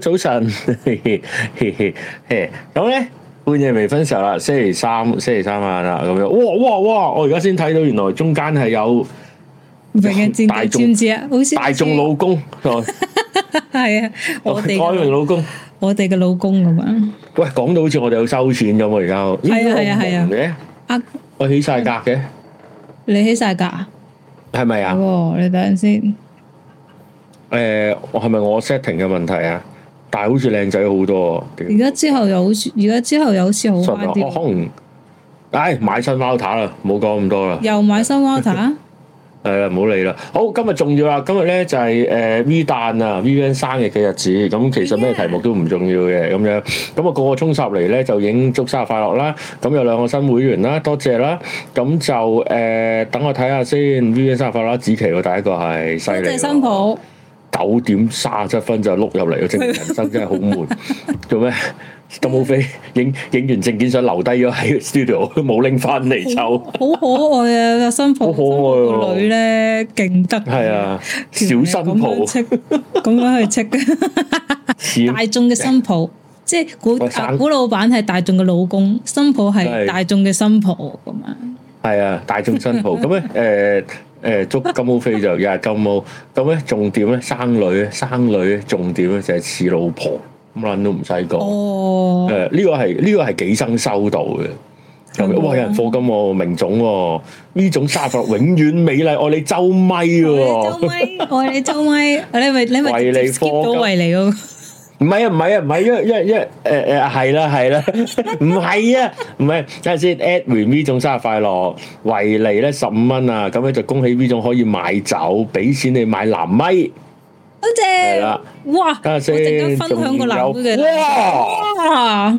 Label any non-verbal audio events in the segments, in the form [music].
早晨，咁咧，半夜未瞓時候啦，星期三，星期三晚啦，咁樣，哇哇哇，我而家先睇到，原來中間係有名人戰大戰，唔知啊，好似大眾老公，係啊，我哋改名老公，我哋嘅老公咁啊，喂，講到好似我哋有收錢咁啊，而家係啊係啊係啊，我起晒格嘅，你起晒格啊？係咪啊？你等陣先，誒，係咪我 setting 嘅問題啊？但係好似靚仔好多，而家之後又好似，而家之後又好似好翻啲。哦、嗯，可能，哎，買新貓塔啦，唔好講咁多啦。又買新貓塔？係啊，唔好理啦。好，今日重要啦，今日咧就係、是、誒、呃、V 蛋啊 VVN 生日嘅日，日子。咁其實咩題目都唔重要嘅，咁樣。咁啊，個個衝十嚟咧就影祝生日快樂啦。咁有兩個新會員啦，多謝啦。咁就誒、呃，等我睇下先。VVN 生日快樂，子琪喎，第一個係犀利。多謝新抱。九點卅七分就碌入嚟，真係人生真係好悶。做咩？咁冇飛，影影完證件相留低咗喺 studio，都冇拎翻嚟抽。好可愛啊！新抱好可愛個女咧，勁得係啊，小新抱咁樣係戚，咁樣去戚嘅。大眾嘅新抱，即係古古老闆係大眾嘅老公，新抱係大眾嘅新抱咁啊。係啊，大眾新抱咁咧，誒。誒， [music] 捉金毛飛就日日金毛，咁咧重點咧生女，生女重點咧就係似老婆，乜卵都唔使講。誒、哦，呢個係呢個係幾生收到嘅。咁嗎哇，有人課金喎，名種呢、哦、種沙弗永遠美麗，愛你周咪喎， [laughs] 愛你周咪，你咪 [laughs] 你咪跳到圍嚟嗰個。唔係啊，唔係啊唔係，因為因為因為誒誒係啦係啦，唔係啊唔係，等陣先。啊啊啊 [laughs] 啊、At v i v 仲生日快樂，維利咧十五蚊啊，咁咧就恭喜 v 仲可以買酒，俾錢你買藍米。多謝正。係啦。哇！等陣先，分享仲有哇。Yeah!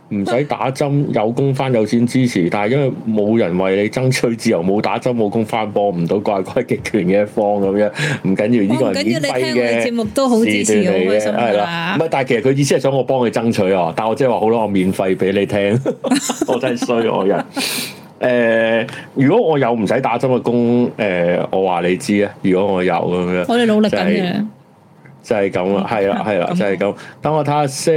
唔使打針，有工返有錢支持，但係因為冇人為你爭取自由，冇打針冇工返，幫唔到怪怪極權嘅一方咁樣，唔緊要呢個係免費嘅。唔你聽我嘅節目都好支持你嘅。開心噶啦。唔係，但係其實佢意思係想我幫佢爭取啊，但我即係話好啦，我免費俾你聽。 [laughs] 我真係衰我人。誒、 [laughs] 呃，如果我有唔使打針嘅工，誒、呃，我話你知啊。如果我有咁樣，我哋努力緊。 [laughs] 就是就係咁啦，係啦，係啦哇，就係、係、咁。等我睇下先。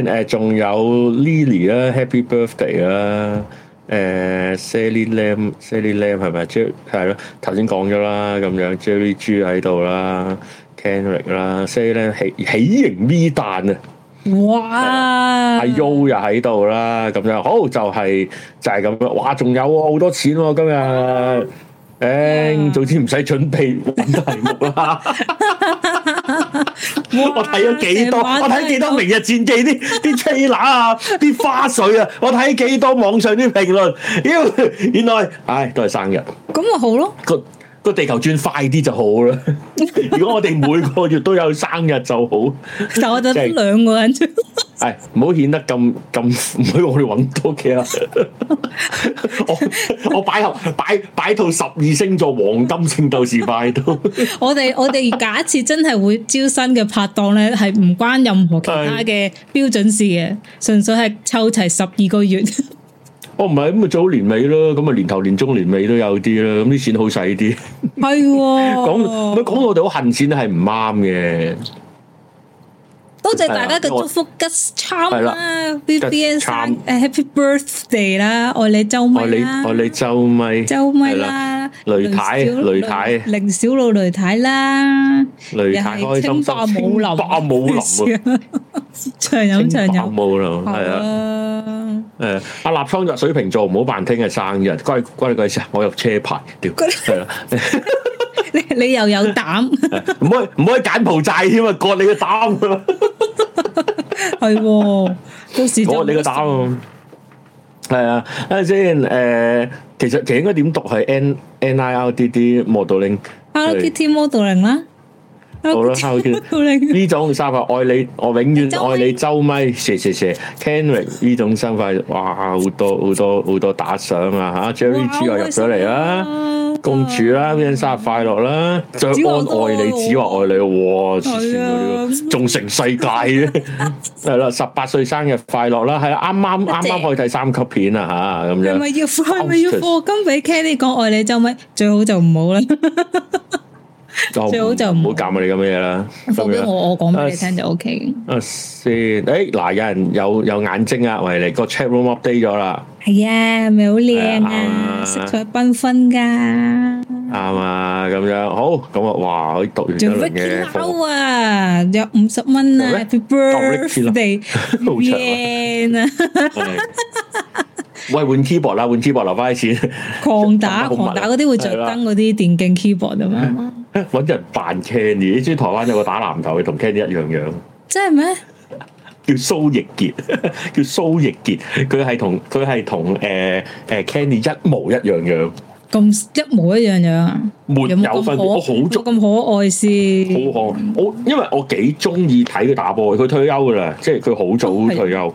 誒，仲有 Lily 啦，Happy Birthday 啦。誒，Sally Lam，Sally Lam 係咪 J？係咯，頭先講咗啦，咁樣 Jerry G 喺度啦，Kenrick 啦，Sally Lam 喜喜型咪蛋啊！哇！阿 y U 又喺度啦，咁樣好就係就係咁樣。哇！仲有好、哦、多錢喎、哦，今日誒，早知唔使準備換題目啦。 [laughs] 哇我睇咗幾多？我睇幾多《明日戰記》啲啲吹喇啊，啲花絮啊！我睇幾多網上啲評論？ [laughs] 原來唉，都係生日。咁咪好咯？個個地球轉快啲就好啦。 [laughs] 如果我哋每個月都有生日就好。就我哋兩個人。 [laughs] 係唔好顯得咁咁唔許我哋揾多嘅啦，我我擺套擺擺套十二星座黃金聖鬥士快到。 [laughs] [laughs] 我哋我哋假設真係會招新嘅拍檔咧，係唔關任何其他嘅標準事嘅，純粹係湊齊十二個月。 [laughs] 哦，唔係咁啊，早年尾咯，咁啊，年頭年中年尾都有啲啦，咁啲錢好使啲。係， [laughs] [laughs] [laughs] 講咪講到我哋好恨錢係唔啱嘅。多謝大家嘅祝福吉昌啦！B B S 生誒，Happy Birthday 啦！愛你周咪啦！愛你愛你周咪周咪啦！雷太雷太，零小佬雷太啦！雷太，清代武林，清代武林啊！長飲長飲，係啊！誒，阿立倉就水瓶座，唔好扮聽日生日。關關你鬼事啊！我有車牌屌係啦！你你又有膽？唔好唔好揀蒲寨添啊！過你嘅膽！係，到時再講。係啊，等陣先。誒，其實佢應該點讀係 n n i l d d modeling，l d t modeling 啦。好啦，modeling 呢種沙發，愛你，我永遠愛你。周咪，謝謝謝，Canary 呢種沙發，哇，好多好多好多打賞啊！吓，JerryG 又入咗嚟啦。共處啦，邊人生日快樂啦，再安愛你，只話愛你，哇！仲成世界咧，係啦，十八歲生日快樂啦，係啊，啱啱啱啱可以睇三級片啊吓，咁樣係咪要係咪要貨金俾 Kenny 講愛你就咪最好就唔好啦，最好就唔好夾埋你咁嘅嘢啦，我我講俾你聽就 OK 先，誒嗱，有人有有眼睛啊，維你個 chatroom update 咗啦。係啊，咪好靚啊，色彩繽紛噶。啱啊，咁樣好，咁啊，哇！啲讀完咗嘅。鍵盤啊，有五十蚊啊，Happy Birthday。好蠢啊！喂，係換 keyboard 啦，換 keyboard 留翻啲錢。狂打狂打嗰啲會着燈嗰啲電競 keyboard 啫嘛。揾人扮 Candy，依家台灣有個打籃球嘅同 Candy 一樣樣。真係咩？叫蘇逸傑，叫蘇逸傑，佢係同佢係同誒誒 Kenny 一模一樣樣，咁一模一樣樣，沒有分別。可我好中咁可愛先，好可、嗯、我因為我幾中意睇佢打波佢退休噶啦，即係佢好早退休。的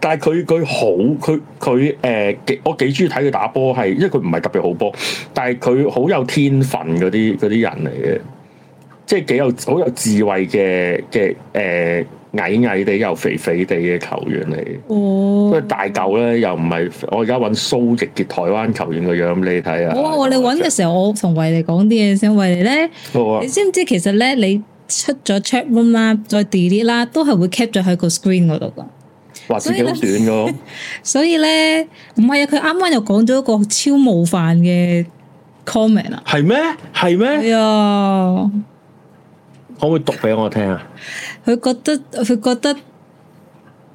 但係佢佢好，佢佢誒，uh, 我幾中意睇佢打波，係因為佢唔係特別好波，但係佢好有天分嗰啲啲人嚟嘅，即係幾有好有智慧嘅嘅誒。矮矮地又肥肥地嘅球員嚟，因為、哦、大嚿咧又唔係我而家揾蘇籍嘅台灣球員個樣，你睇啊！我我、哦嗯、你揾嘅時候，嗯、我同維尼講啲嘢先，維尼咧，好啊、你知唔知其實咧，你出咗 chat room 啦，再 delete 啦，都係會 keep 咗喺個 screen 嗰度噶，話時好短噶。所以咧，唔係 [laughs] 啊，佢啱啱又講咗一個超冒犯嘅 comment 啊，係咩？係咩？係啊！可唔可以讀俾我聽啊？佢覺得佢覺得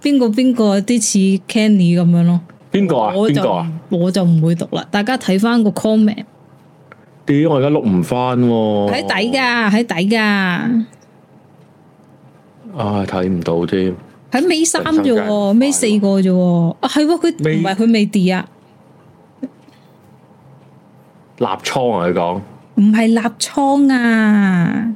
邊個邊個有啲似 Kenny 咁樣咯？邊個啊？邊個啊？我就唔會讀啦。大家睇翻個 comment。屌？我而家錄唔翻喎。喺底噶，喺底噶。啊！睇唔到添。喺尾三啫，尾四個啫。啊，係喎，佢唔係佢未跌啊。立倉啊！佢講唔係立倉啊。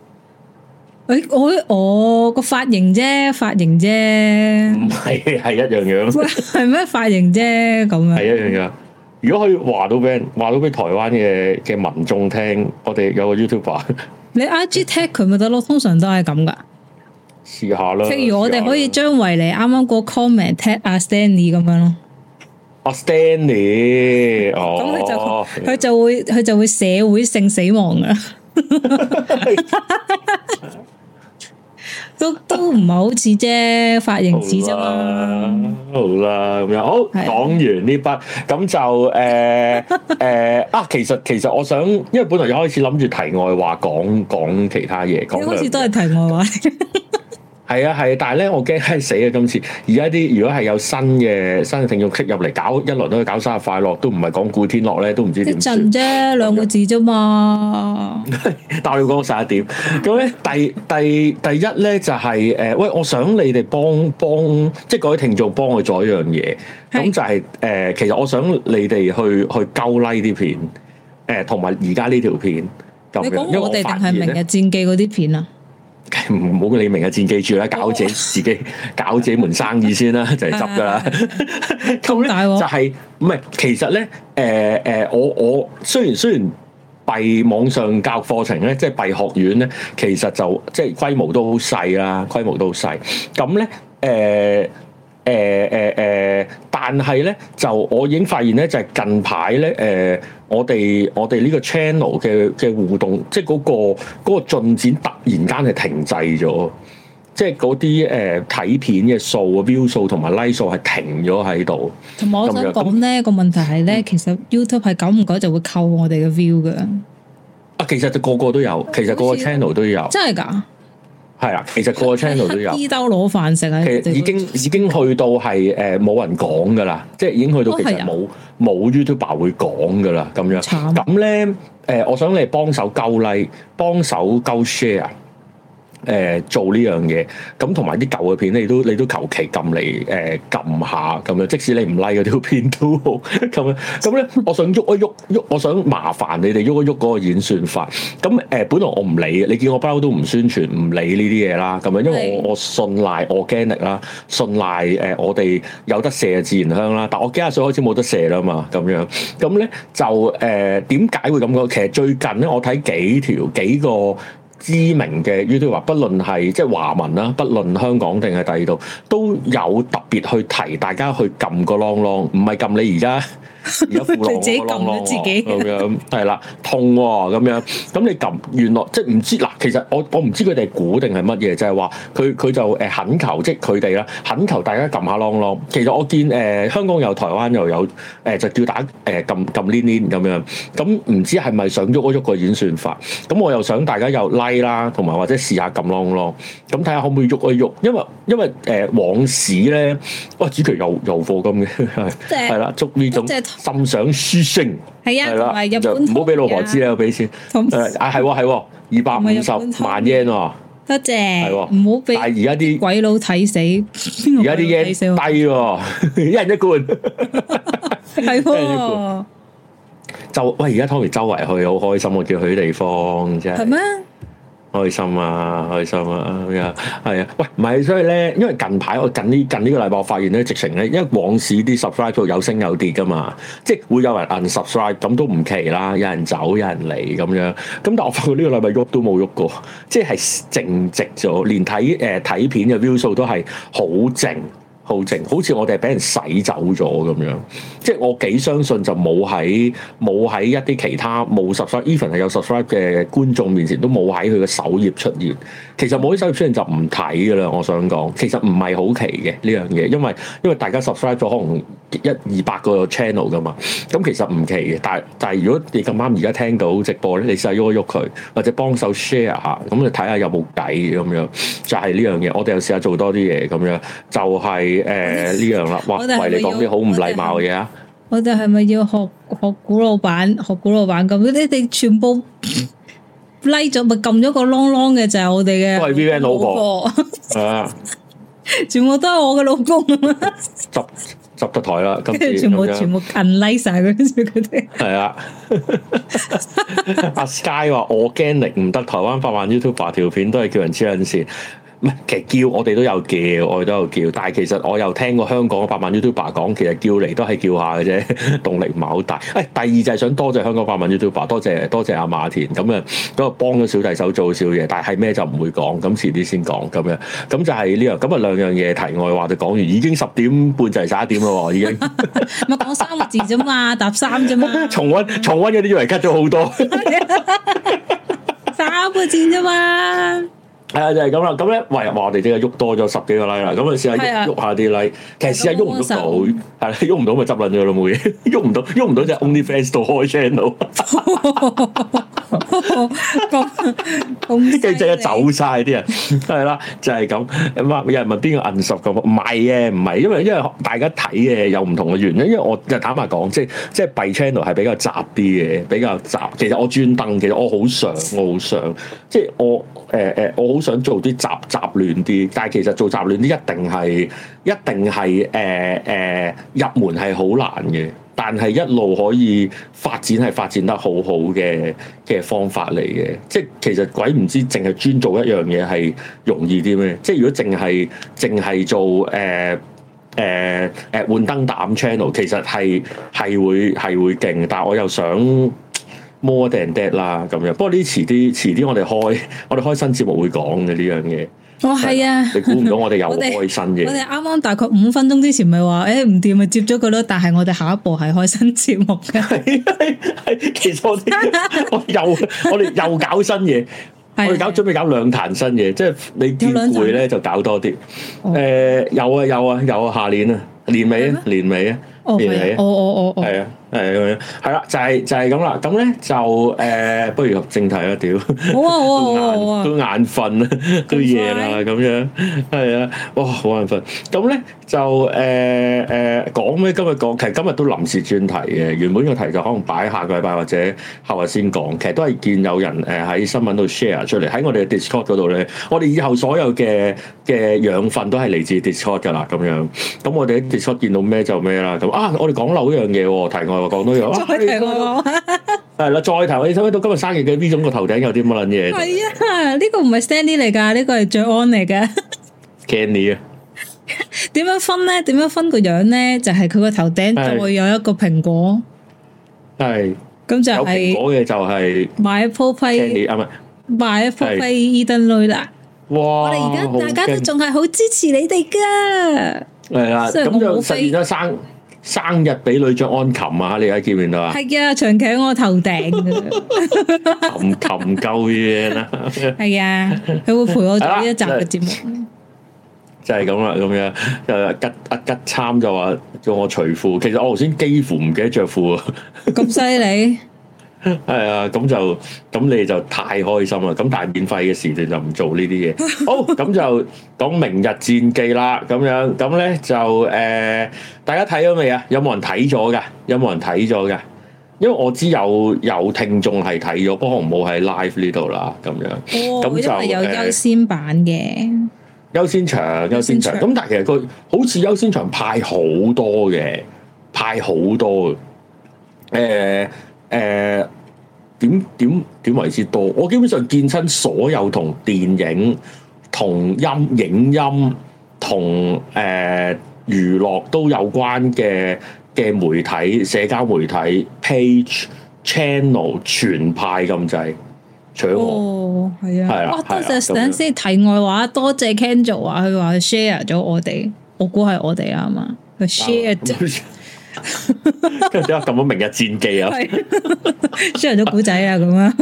誒，我我、哎哦那個髮型啫，髮型啫，唔係係一樣樣，係咩髮型啫咁樣？係一樣樣。如果可以話到俾人話到俾台灣嘅嘅民眾聽，我哋有個 YouTuber，你 IG tag 佢咪得咯？通常都係咁噶。試下咯。正如我哋可以將維尼啱啱個 comment tag 阿、啊、Stanley 咁樣咯。阿、啊、Stanley，哦，哦，佢就會佢就，就會社會性死亡噶。 [laughs] [laughs] 都都唔係好似啫，髮型似啫嘛，好啦咁樣，好講的完呢筆，咁就誒誒、呃呃、啊，其實其實我想，因為本來一開始諗住題外話講講其他嘢，一好似都係題外話。 [laughs] 係啊係、啊，但係咧我驚係死啊！今次而家啲如果係有新嘅新嘅聽眾入嚟搞一輪都去搞生日快樂，都唔係講古天樂咧，都唔知點算啫。兩個字啫嘛。樣 [laughs] 但係要講十一點咁咧， [laughs] 第第第一咧就係、是、誒，喂、呃，我想你哋幫幫，即係各位聽眾幫佢做一是樣嘢、就是，咁就係誒，其實我想你哋去去勾拉啲片，誒、呃，同埋而家呢條片。你講我哋定係明日戰記嗰啲片啊？唔好理明日戰記住啦，搞自己自己，oh. [laughs] 搞自己門生意先啦， [laughs] [laughs] 就嚟執噶啦。咁咧就係唔係？其實咧，誒、呃、誒、呃，我我雖然雖然閉網上教課程咧，即係閉學院咧，其實就即係規模都好細啊，規模都好細。咁咧誒。呃誒誒誒，但係咧就我已經發現咧，就係近排咧誒，我哋我哋呢個 channel 嘅嘅互動，即係嗰個嗰個進展突然間係停滯咗，即係嗰啲誒睇片嘅數啊 view 數同埋 like 數係停咗喺度。同埋我想講咧個問題係咧，其實 YouTube 係久唔久就會扣我哋嘅 view 嘅。啊、嗯，其實就個個都有，哎、其實個個 channel 都有，真係㗎。係啦，其實個個 channel 都有乞衣兜攞飯食啊！其實已經已經去到係誒冇人講噶啦，即係已經去到其實冇冇，啊、YouTuber 會講噶啦咁樣。慘，咁咧誒，我想你幫手鳩 like，i 幫手鳩 share。誒、呃、做呢樣嘢，咁同埋啲舊嘅片，你都你都求其撳嚟誒撳下咁樣，即使你唔 like 嗰條片都好咁樣。咁咧， [laughs] 我想喐一喐，喐我想麻煩你哋喐一喐嗰個演算法。咁誒、呃，本來我唔理，你見我不嬲都唔宣傳，唔理呢啲嘢啦。咁樣，因為我的我信賴 organic 啦，信賴誒、呃、我哋有得射自然香啦。但我幾廿歲開始冇得射啦嘛，咁樣。咁咧就誒點解會咁講？其實最近咧，我睇幾條幾個。知名嘅，YouTuber，不論係即係華文啦，不論香港定係第二度，都有特別去提大家去撳個啷啷，唔係撳你而家。 [music] 自己撳到自己咁、 [laughs] 喔、樣，係啦，痛喎咁樣。咁你撳原來即係唔知嗱，其實我我唔知佢哋估定係乜嘢，就係話佢佢就誒肯、呃、求，即係佢哋啦，肯求大家撳下啷啷。其實我見誒、呃、香港有、台灣又有誒、呃，就叫打家誒撳撳黏黏咁樣。咁唔知係咪想喐一喐個演算法？咁我又想大家又拉 i 啦，同埋或者試下撳啷啷。咁睇下可唔可以喐一喐？因為因為誒、呃、往時咧，哇！主席又又貨金嘅係係啦，捉呢種。心想舒升，係啊，唔係日本，唔好俾老婆知啊，俾錢，啊係係，二百五十萬 yen，多謝，唔好俾。但係而家啲鬼佬睇死，而家啲 yen 低，一人一罐，係，就喂而家 Tommy 周圍去好開心，我叫佢啲地方啫，係咩？開心啊！開心啊！咩啊？係啊，啊！喂，唔係，所以咧，因為近排我近呢近呢個禮拜，我發現咧，直情咧，因為往時啲 subscribe 有升有跌噶嘛，即係會有人 unsubscribe，咁都唔奇啦。有人走，有人嚟咁樣。咁但我發覺呢個禮拜喐都冇喐過，即係靜直咗，連睇誒睇片嘅 view 數都係好靜。好似我哋係俾人洗走咗咁樣，即係我幾相信就冇喺冇喺一啲其他冇 subscribe，even 係有 subscribe 嘅觀眾面前都冇喺佢嘅首頁出現。其實冇喺首頁出現就唔睇㗎啦。我想講其實唔係好奇嘅呢樣嘢，因為因為大家 subscribe 咗可能一二百個 channel 㗎嘛。咁其實唔奇嘅，但係但係如果你咁啱而家聽到直播咧，你試下喐一喐佢或者幫手 share 下，咁你睇下有冇計咁樣就係呢樣嘢，就是。我哋又試下做多啲嘢咁樣就係、是。誒，呢、呃、 [noise] 樣啦，哇！是是為你講啲好唔禮貌嘅嘢啊！我哋係咪要學學古老板、學古老板咁？你哋全部 like 咗咪撳咗個啷啷嘅就係我哋嘅，都係 Vivan 老婆啊！ [laughs] [laughs] [laughs] [laughs] [laughs] 全部、like、全都係我嘅老公，執執個台啦，跟住全部全部 unlike 晒，跟住佢哋係啊！阿 Sky 話我驚力唔得，台灣百萬,萬 YouTuber 條片都係叫人黐緊線。其實叫我哋都有叫，我哋都有叫。但係其實我又聽過香港百萬 YouTuber 講，其實叫嚟都係叫下嘅啫，動力唔係好大。誒、哎，第二就係想多謝香港百萬 YouTuber，多謝多謝阿馬田咁啊，咁啊幫咗小弟手做少嘢。但係咩就唔會講，咁遲啲先講咁樣。咁就係呢樣。咁啊兩樣嘢題外話就講完，已經十點半就係十一點啦喎，已經。咪講 [laughs] 三個字啫 [laughs] 嘛，搭三啫嘛。重溫 [laughs] 重溫嗰啲以為 cut 咗好多。 [laughs] [laughs] 三個字啫嘛。係啊，就係咁啦，咁咧話話我哋啲啊喐多咗十幾個 like 啦，咁啊試下喐下啲 like，其實試下喐唔喐到，係喐唔到咪執撚咗咯，冇嘢，喐唔到喐唔到就 onlyfans 到開 channel，啲記者走晒啲人，係 [laughs] 啦，就係咁，問，有人問邊個銀十咁，唔係嘅唔係，因為因為大家睇嘅有唔同嘅原因，因為我就坦白講，即即係 b i channel 係比較雜啲嘅，比較雜。其實我專登，其實我好想，我好想，即係我誒誒、欸、我好。想做啲雜雜亂啲，但係其實做雜亂啲一,一定係一定係誒誒，入門係好難嘅，但係一路可以發展係發展得好好嘅嘅方法嚟嘅。即係其實鬼唔知淨係專做一樣嘢係容易啲咩？即係如果淨係淨係做誒誒誒，換燈膽 channel，其實係係會係會勁，但係我又想。more than dead 啦咁樣，不過呢啲遲啲，遲啲我哋開，我哋開新節目會講嘅呢樣嘢。哦，係啊，你估唔到我哋又開新嘅。我哋啱啱大概五分鐘之前咪話，誒唔掂咪接咗佢咯。但係我哋下一步係開新節目㗎。係係係，其實我哋我又我哋又搞新嘢，我哋搞準備搞兩壇新嘢，即係你見攰咧就搞多啲。誒有啊有啊有啊，下年啊年尾啊年尾啊年尾啊，哦哦哦哦，係啊。誒咁樣係啦，就係、是、就係咁啦。咁咧就誒，不如入正題啦。屌，好啊， [laughs] 眼好啊，好啊，都眼瞓啊， [laughs] 都夜啦了，咁嗎樣係啊，哇，好眼瞓。咁咧就誒誒、呃呃、講咩？今日講，其實今日都臨時轉題嘅。原本個題就可能擺下個禮拜或者後日先講。其實都係見有人誒喺新聞度 share 出嚟喺我哋嘅 Discord 嗰度咧。我哋以後所有嘅嘅養分都係嚟自 Discord 噶啦。咁樣，咁我哋喺 Discord 見到咩就咩啦。咁啊，我哋講漏一樣嘢喎，提我講多樣。再提我講，係啦，再提你，睇一到今日生日嘅呢種個頭頂有啲乜撚嘢？係啊，呢個唔係 Stanley 嚟㗎，呢個係 Joanne 嚟㗎。Candy 啊，點樣分咧？點樣分個樣咧？就係佢個頭頂就會有一個蘋果。係。咁就係蘋果嘅就係。My Poppy Candy 啊咪。My Poppy Edenly 啦。哇！我哋而家大家都仲係好支持你哋㗎。係啊，咁就實現咗生。生日俾女着安琴啊！你而家見唔見到啊？係啊， [laughs] 長期喺我頭頂， [laughs] [laughs] 琴琴夠嘢啦。係啊，佢 [laughs] 會陪我做呢一集嘅節目。就係咁啦，咁樣，誒吉阿吉參就話叫我除褲，其實我頭先幾乎唔記得着褲啊，咁犀利。係啊，咁、 [noise] 哎、就咁你就太開心啦！咁但係免費嘅時你就唔做呢啲嘢。好、 [laughs] oh，咁就講明日戰記啦。咁樣咁咧就誒、呃，大家睇咗未啊？有冇人睇咗噶？有冇人睇咗噶？因為我知有有聽眾係睇咗，不過冇喺 live 呢度啦。咁樣咁、oh, 就有優先版嘅優先場、優先場。咁但係其實佢好似優先場派好多嘅，派好多嘅。誒、呃。 [noise] 誒點點點為之多？我基本上見親所有同電影、同音、影音、同誒、呃、娛樂都有關嘅嘅媒體、社交媒體 page、channel 全派咁滯，搶我係啊！哇、啊，多謝先題外話，多謝 Candle 啊，佢話 share 咗我哋，我估係我哋啊嘛，佢 share。 [laughs] [laughs] 跟住點解咁到《明日戰記》啊？share 到古仔啊，咁啊，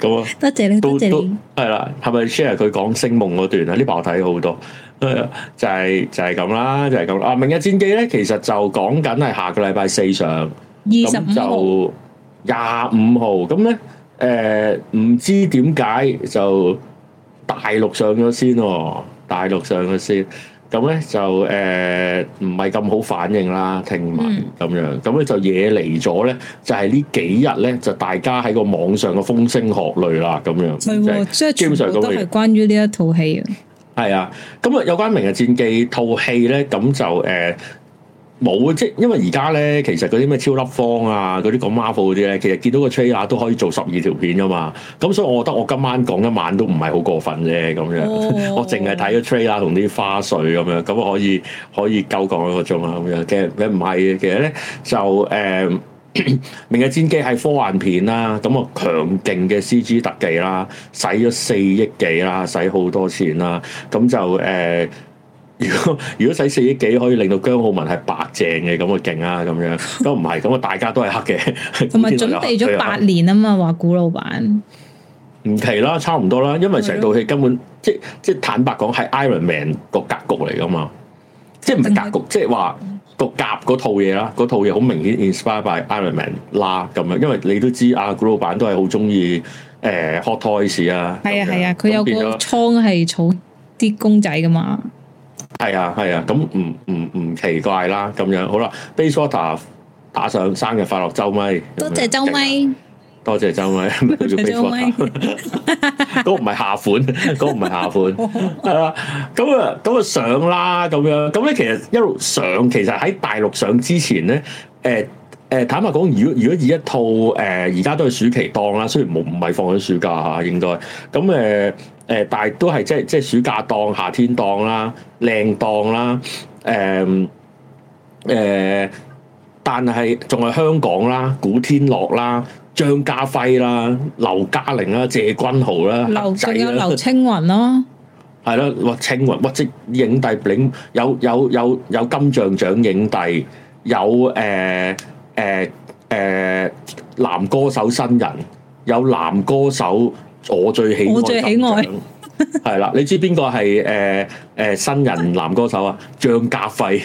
咁啊，多謝你，多謝你，係啦，係咪 share 佢講星夢嗰段啊？呢排我睇好多，就係就係咁啦，就係咁啊，《明日戰記》咧，其實就講緊係下個禮拜四上，二十五號，廿五號，咁咧，誒、呃，唔知點解就大陸上咗先哦、啊，大陸上咗先。咁咧就誒唔係咁好反應啦，聽聞咁樣，咁咧就惹嚟咗咧，就係、是、呢幾日咧就大家喺個網上嘅風聲鶴唳啦，咁樣即係基本上都係關於呢一套戲、嗯、啊，係啊，咁啊有關《明日戰記》套戲咧，咁就誒。呃冇啊！即係因為而家咧，其實嗰啲咩超粒方啊、嗰啲講 Marvel 嗰啲咧，其實見到個 trailer 都可以做十二條片噶嘛。咁所以我覺得我今晚講一晚都唔係好過分啫。咁樣、oh. [laughs] 我淨係睇咗 trailer 同啲花絮咁樣，咁可以可以夠講一個鐘啦。咁樣其實其唔係嘅，其實咧就誒、呃 [coughs] 《明日戰記》係科幻片啦，咁啊強勁嘅 CG 特技啦，使咗四億幾啦，使好多錢啦，咁就誒。呃如果如果使四億幾可以令到姜浩文係白淨嘅，咁啊勁啊咁樣，咁唔係咁啊！大家都係黑嘅。同埋準備咗八年啊嘛，話古老闆唔奇啦，差唔多啦，因為成套戲根本即即坦白講係 Iron Man 個格局嚟噶嘛，即係唔係格局，即係話個夾嗰套嘢啦，嗰套嘢好明顯 inspire by Iron Man 啦咁樣，因為你都知啊，古老闆都係好中意誒 Hot Toys 啊，係啊係啊，佢有個倉係儲啲公仔噶嘛。係啊，係啊，咁唔唔唔奇怪啦，咁樣好啦。Base Water 打上生日快樂周咪，多謝周咪， [laughs] 多謝周咪，叫做 Base Water。嗰個唔係下款，嗰個唔係下款，係啦。咁啊，咁啊上啦，咁樣。咁咧，其實一路上，其實喺大陸上之前咧，誒、呃。誒，坦白講，如果如果以一套誒，而、呃、家都係暑期檔啦，雖然冇唔係放緊暑假嚇，應該咁誒誒，但係都係即即暑假檔、夏天檔啦、靚檔啦，誒、呃、誒，但係仲係香港啦、古天樂啦、張家輝啦、劉嘉玲啦、謝君豪啦，仲劉仔有劉青雲咯、啊，係咯， [laughs] 哇，青雲乜即影帝領，影有有有有，有，有，有金像獎影帝，有誒。有呃誒誒，男歌手新人有男歌手，我最喜我最喜愛係啦。你知邊個係誒誒新人男歌手啊？張家輝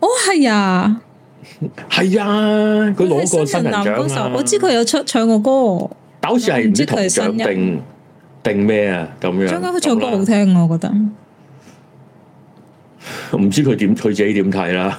哦，係啊，係啊，佢攞過新人獎。我知佢有出唱過歌，但好似係唔知係新人定定咩啊？咁樣，張家輝唱歌好聽， [laughs] 我覺得唔 [laughs] 知佢點，佢自己點睇啦。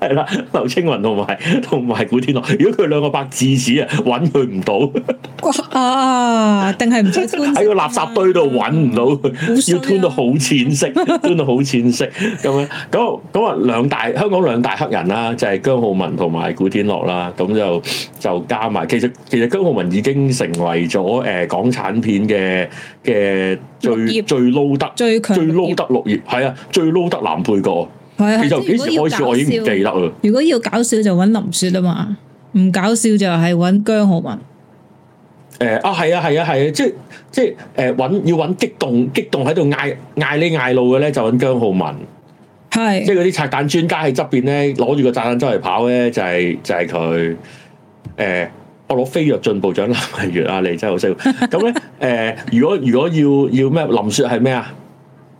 係啦，劉 [laughs] 青雲同埋同埋古天樂。如果佢兩個白字紙啊，揾佢唔到，啊，定係唔穿？喺個垃圾堆度揾唔到，嗯啊、 [laughs] 要吞到好淺色，吞到好淺色咁樣。咁咁啊，兩大香港兩大黑人啦，就係、是、姜浩文同埋古天樂啦。咁就就加埋。其實其實姜浩文已經成為咗誒、呃、港產片嘅嘅最業最撈得最最撈得綠葉，係啊，最撈得男配角。係啊，就幾 [music] 時開始我已經唔記得啦。如果要搞笑就揾林雪啊嘛，唔搞笑就係揾姜浩文。誒、呃，哦、啊，係啊，係啊，係啊，即係即係誒，揾、呃、要揾激動激動喺度嗌嗌你嗌路嘅咧，就揾姜浩文。係是，即係嗰啲拆彈專家喺側邊咧，攞住個炸彈周圍跑咧，就係、是、就係、是、佢。誒、呃，我攞飛躍進步獎，林慧月啊，你真係好識。咁咧、 [laughs] 嗯，誒、呃，如果如果要要咩，林雪係咩啊？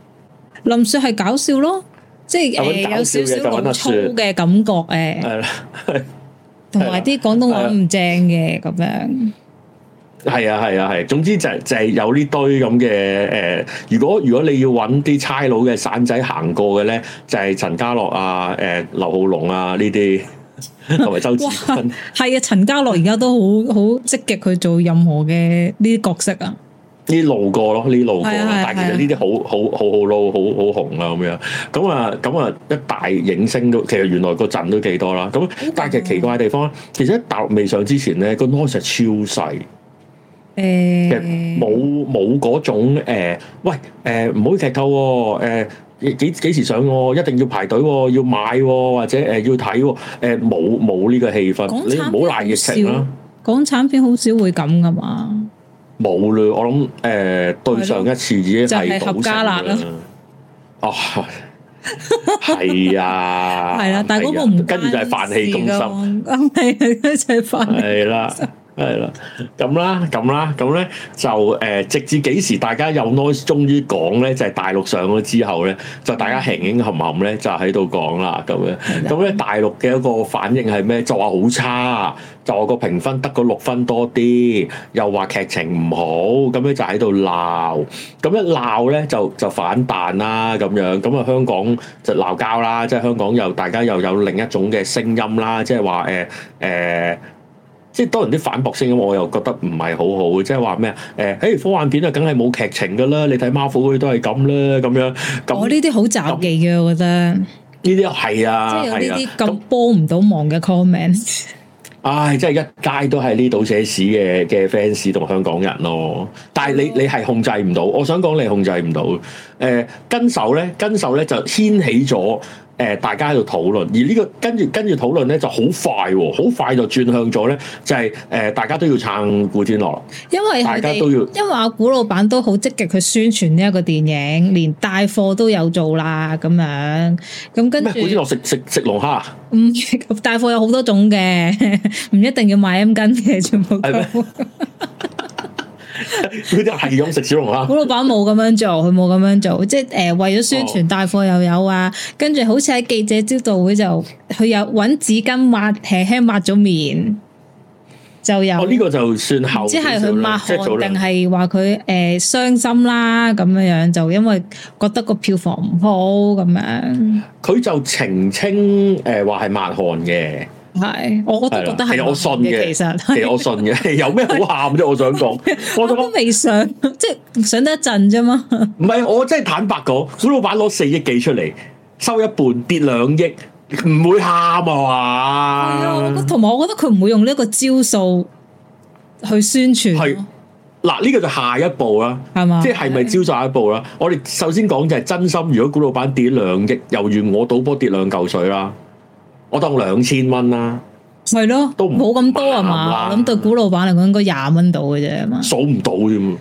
[laughs] 林雪係搞笑咯。即係誒、呃，有少少咁粗嘅感覺誒，係、呃、啦，同埋啲廣東話唔正嘅咁樣。係 [laughs] 啊係啊係、啊啊，總之就就係、是、有呢堆咁嘅誒，如果如果你要揾啲差佬嘅散仔行過嘅咧，就係、是、陳家樂啊，誒、呃、劉浩龍啊呢啲，同埋周志坤。係啊，陳、 [laughs] 啊、家樂而家都好好積極去做任何嘅呢啲角色啊。呢路過咯，呢路過，路過啊啊、但係其實呢啲好好好好 low 好好，好紅啊咁樣。咁啊咁啊，一大影星都，其實原來個陣都幾多啦。咁、啊、但係其實奇怪嘅地方，其實喺大陸未上之前咧，個 noise 超細。誒、欸，冇冇嗰種、欸、喂誒，唔、欸、好劇透誒、啊欸，幾幾時上喎、啊？一定要排隊、啊，要買、啊、或者誒、欸、要睇誒、啊，冇冇呢個氣氛，產你唔好賴熱情啦、啊。港產片好少會咁噶嘛。冇咯，我諗誒、呃、對上一次了已經係好加辣啦。哦，係啊，係啦、 [laughs] [laughs] 啊，啊、 [laughs] 但係嗰個唔跟住就係飯氣攻心，係一齊飯，係啦。係啦，咁啦，咁 [noise] 啦，咁咧就誒、呃，直至幾時大家有 noise，終於講咧，就係、是、大陸上咗之後咧，就大家輕輕含含咧，就喺度講啦，咁樣，咁咧大陸嘅一個反應係咩？就話好差，就話個評分得個六分多啲，又話劇情唔好，咁樣就喺度鬧，咁一鬧咧就就反彈啦，咁樣，咁啊香港就鬧交啦，即、就、係、是、香港又大家又，大家又有另一種嘅聲音啦，即係話誒誒。呃呃呃即係多人啲反駁聲咁，我又覺得唔係好好，即係話咩？誒、欸，誒，科幻片樣啊，梗係冇劇情噶啦，你睇 Marvel 都係咁啦。咁樣咁。我呢啲好雜技嘅，我覺得呢啲係啊，即係有呢啲咁幫唔到忙嘅 comment。唉、哎，即係一街都係呢度寫史嘅嘅 fans 同香港人咯。但係你你係控制唔到，我想講你控制唔到。誒、呃，跟手咧，跟手咧就掀起咗。誒、呃，大家喺度討論，而呢、這個跟住跟住討論咧，就好快喎、哦，好快就轉向咗咧，就係、是、誒、呃，大家都要撐古天樂啦。因為大家都要，因為阿古老闆都好積極去宣傳呢一個電影，連帶貨都有做啦，咁樣咁跟住。咩？古天樂食食食龍蝦？唔、嗯，帶貨有好多種嘅，唔 [laughs] 一定要買 M 根嘅全部嗎。 [laughs] 佢啲係用食小龍蝦、啊，古老闆，冇咁樣做，佢冇咁樣做，即係誒、呃、為咗宣傳、哦、大貨又有啊，跟住好似喺記者招待會就佢有搵紙巾抹輕輕抹咗面，就有。我呢、哦，這個就算後，即係佢抹汗定係話佢誒傷心啦咁樣樣，就因為覺得個票房唔好咁樣。佢就澄清誒話係抹汗嘅。係，我我覺得係我信嘅，其實係我信嘅。 [laughs] [laughs] 有咩好喊啫？我想講， [laughs] 我都未想，即係想得一陣啫嘛。唔係，我真係坦白講， [laughs] 古老闆攞四億幾出嚟，收一半，跌兩億，唔會喊啊嘛。同埋我覺得佢唔會用呢一個招數去宣傳啊。係嗱，呢，這個就下一步啦，係嘛嗎？即係係咪招數下一步啦？的我哋首先講就係真心。如果古老闆跌兩億，猶如我賭波跌兩嚿水啦。我當兩千蚊啦，係咯的，都唔好咁多係嘛？諗吧吧，對古老闆嚟講，應該廿蚊到嘅啫嘛，數唔到啫嘛，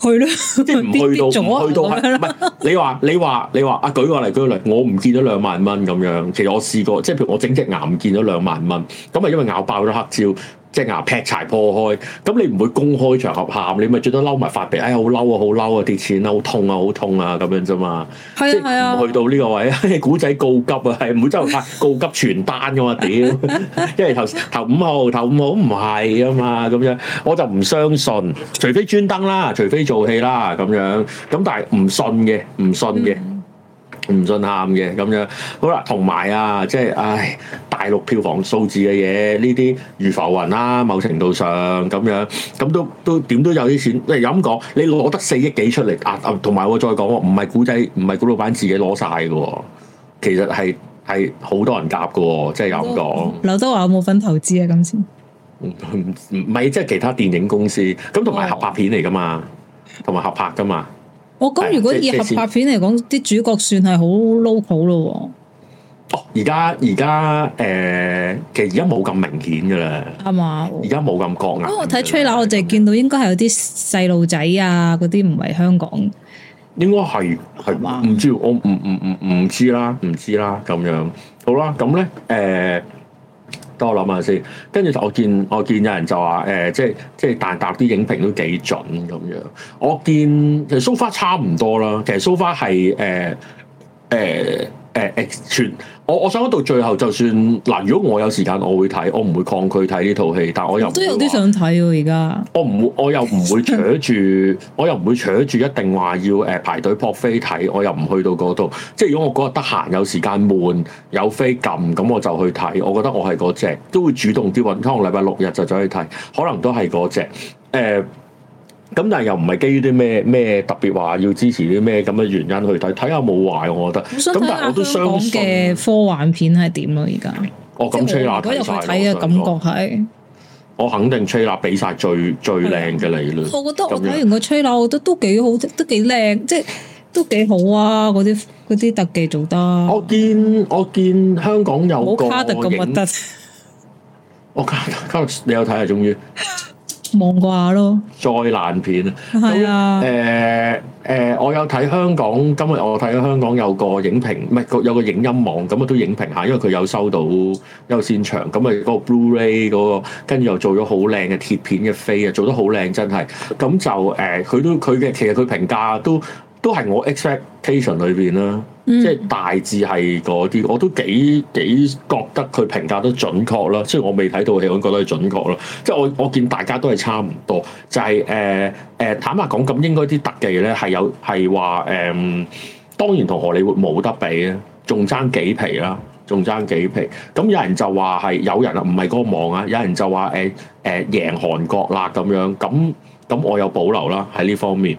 去咯，即係唔去到，唔 [laughs] 去到係唔係你話你話你話啊？舉個例，舉個例，我唔見咗兩萬蚊咁樣。其實我試過，即係譬如我整隻牙唔見咗兩萬蚊，咁啊，因為咬爆咗黑椒。即牙劈柴破開，咁你唔會公開場合喊，你咪最多嬲埋發脾，哎好嬲啊，好嬲啊，跌錢啊，好痛啊，好痛啊咁樣啫嘛。係是啊係啊，去到呢個位啊，古仔告急啊，係唔會真係發告急傳單噶嘛，屌， [laughs] 因為頭頭五號頭五號唔係啊嘛，咁樣我就唔相信，除非專登啦，除非做戲啦咁樣，咁但係唔信嘅，唔信嘅。嗯唔信喊嘅咁樣，好啦，同埋啊，即係，唉，大陸票房數字嘅嘢呢啲如浮雲啦、啊，某程度上咁樣，咁都都點都有啲錢，即係咁講，你攞得四億幾出嚟啊同埋、啊、我再講喎，唔係古仔，唔係古老闆自己攞曬嘅，其實係係好多人夾嘅，即係咁講。劉德華有冇份投資啊？今次唔唔係即係其他電影公司咁，同埋合拍片嚟噶、哦、嘛，同埋合拍噶嘛。我咁如果以合拍片嚟講，啲主角算係好 local 咯。哦，而家而家，誒，其實而家冇咁明顯噶啦。係咪？而家冇咁講啊。因為我睇吹喇，我就係見到應該係有啲細路仔啊，嗰啲唔係香港。應該係係嘛？唔知我唔唔唔唔知啦，唔知啦咁樣。好啦，咁咧，誒。等我諗下先，跟住就我見我見有人就話誒、呃，即係即係大陸啲影評都幾準咁樣。我見其實 so far 差唔多啦，其實 so far 係誒誒。誒誒、呃，全我我想到最後，就算嗱，如果我有時間，我會睇，我唔會抗拒睇呢套戲，但我又都有啲想睇喎，而家我唔，我又唔會扯住、 [laughs] 呃，我又唔會扯住一定話要誒排隊撲飛睇，我又唔去到嗰度。即係如果我嗰日得閒，有時間，悶有飛撳，咁我就去睇。我覺得我係嗰隻，都會主動啲搵，可能禮拜六日就走去睇，可能都係嗰隻誒。呃咁但係又唔係基於啲咩咩特別話要支持啲咩咁嘅原因去睇，睇下冇壞，我覺得。咁想但係我都相信。香港嘅科幻片係點咯？而家。我咁吹蠟睇晒咯，我上咗。我肯定吹蠟俾晒最最靚嘅你咯。我覺得我睇完個吹蠟，樣我覺得都幾好，都幾靚，即係都幾好啊！嗰啲啲特技做得。我見我見香港有好卡特咁核突。我卡特，卡特你有睇啊？終於。 [laughs] 望啩咯，災難片啊！咁誒誒，我有睇香港今日我睇香港有個影評，唔係個有個影音網咁啊都影評下，因為佢有收到優先場咁啊，嗰個 Blu-ray 嗰、嗰個跟住又做咗好靚嘅鐵片嘅飛啊，做得好靚真係，咁就誒佢、呃、都佢嘅其實佢評價都。都係我 expectation 裏邊啦，嗯、即係大致係嗰啲，我都幾幾覺得佢評價都準確啦。雖然我未睇到戲，我覺得佢準確咯。即係我我見大家都係差唔多，就係誒誒，坦白講咁應該啲特技咧係有係話誒，當然同荷里活冇得比啊，仲爭幾皮啦，仲爭幾皮。咁有人就話係有人啊，唔係嗰個網啊，有人就話誒誒贏韓國啦咁樣，咁咁我有保留啦喺呢方面。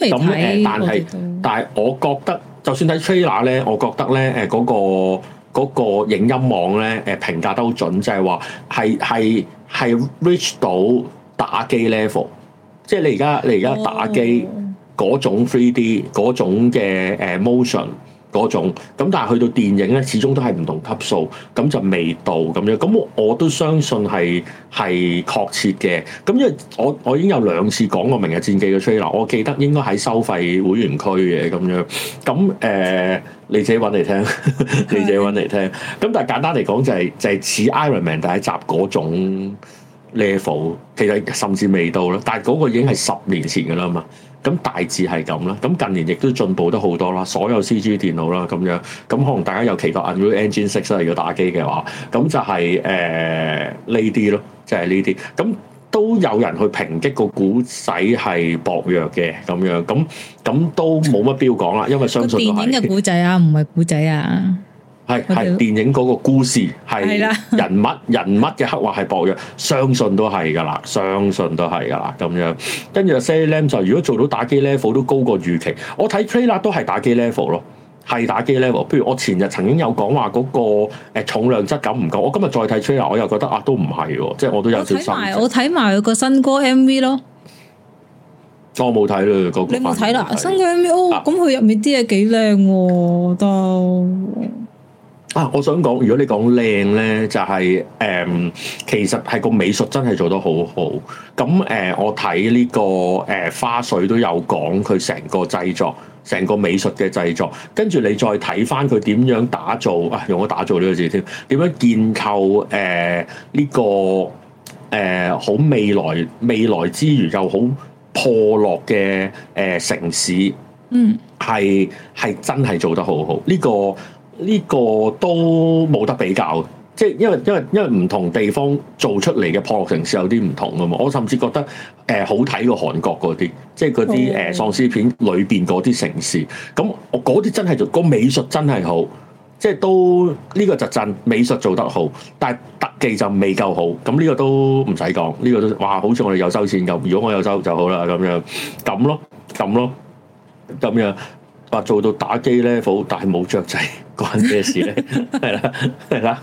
咁誒，但係是但係，我覺得就算睇 trailer 咧，我覺得咧誒嗰個嗰個影音網咧誒評價都好準，就係話係係係 reach 到打機 level，即係你而家你而家打機嗰、oh. 種 three D 嗰種嘅誒 motion。嗰種咁，但係去到電影咧，始終都係唔同級數，咁就未到咁樣。咁我都相信係係確切嘅。咁因為我我已經有兩次講過《明日戰記》嘅 trailer 我記得應該喺收費會員區嘅咁樣。咁誒、呃，你自己揾嚟聽，的 [laughs] 你自己揾嚟聽。咁但係簡單嚟講、就是，就係、是、就係似 Iron Man 第一集嗰種 level，其實甚至未到咯。但係嗰個已經係十年前嘅啦嘛。的咁大致係咁啦，咁近年亦都進步得好多啦，所有 CG 電腦啦咁樣，咁可能大家又期待 Unreal Engine Six 啦，如果打機嘅話，咁就係誒呢啲咯，就係呢啲，咁都有人去評擊個故仔係薄弱嘅咁樣，咁咁都冇乜必要講啦，因為相信都係電影嘅故仔啊，唔係故仔啊。係係電影嗰個故事，係人物、人物嘅刻畫係薄弱，相信都係噶啦，相信都係噶啦咁樣。跟住阿 Selim 就如果做到打機 level 都高過預期，我睇 trailer 都係打機 level 咯，係打機 level。譬如我前日曾經有講話嗰個誒重量質感唔夠，我今日再睇 trailer 我又覺得啊都唔係，即係我都有少少。我睇埋我睇埋個新歌 MV 咯，我冇睇嘞，那個、你冇睇啦。新歌 MV 哦，咁佢入面啲嘢幾靚喎都。但啊！我想講，如果你講靚咧，就係、是、誒、嗯，其實係個美術真係做得好好。咁誒、呃，我睇呢、這個誒、呃、花絮都有講佢成個製作、成個美術嘅製作。跟住你再睇返佢點樣打造啊？用咗打造呢個字添，點樣建構誒呢、呃這個誒好、呃、未來未來之餘又好破落嘅誒、呃、城市。嗯，係係真係做得好好呢、這個。呢個都冇得比較，即係因為因為因為唔同地方做出嚟嘅破落城市有啲唔同㗎嘛。我甚至覺得誒、呃、好睇過韓國嗰啲，即係嗰啲誒喪屍片裏邊嗰啲城市。咁我嗰啲真係做、那個美術真係好，即係都呢、這個就真美術做得好，但係特技就未夠好。咁、嗯、呢、這個都唔使講，呢、這個都哇好似我哋有收錢咁。如果我有收就好啦，咁樣咁咯咁咯咁樣。話做到打機咧，好，但係冇雀仔，關咩事咧？係啦，係啦，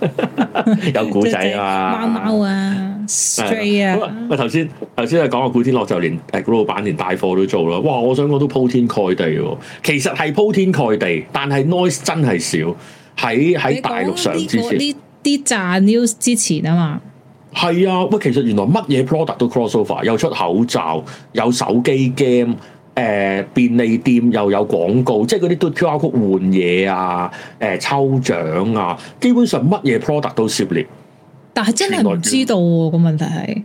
有古仔啊嘛，貓貓啊，stray 啊。喂、啊，頭先頭先又講個古天樂，就連誒，古老闆連帶貨都做啦。哇，我想講都鋪天蓋地喎。其實係鋪天蓋地，但係 noise 真係少喺喺大陸上之前啲啲賺 news 之前啊嘛。係啊，喂，其實原來乜嘢 product 都 cross over，有出口罩，有手機 game。誒、呃、便利店又有廣告，即係嗰啲都 QR code 換嘢啊，誒、呃、抽獎啊，基本上乜嘢 product 都涉獵。但係真係唔知道喎、啊，個問題係。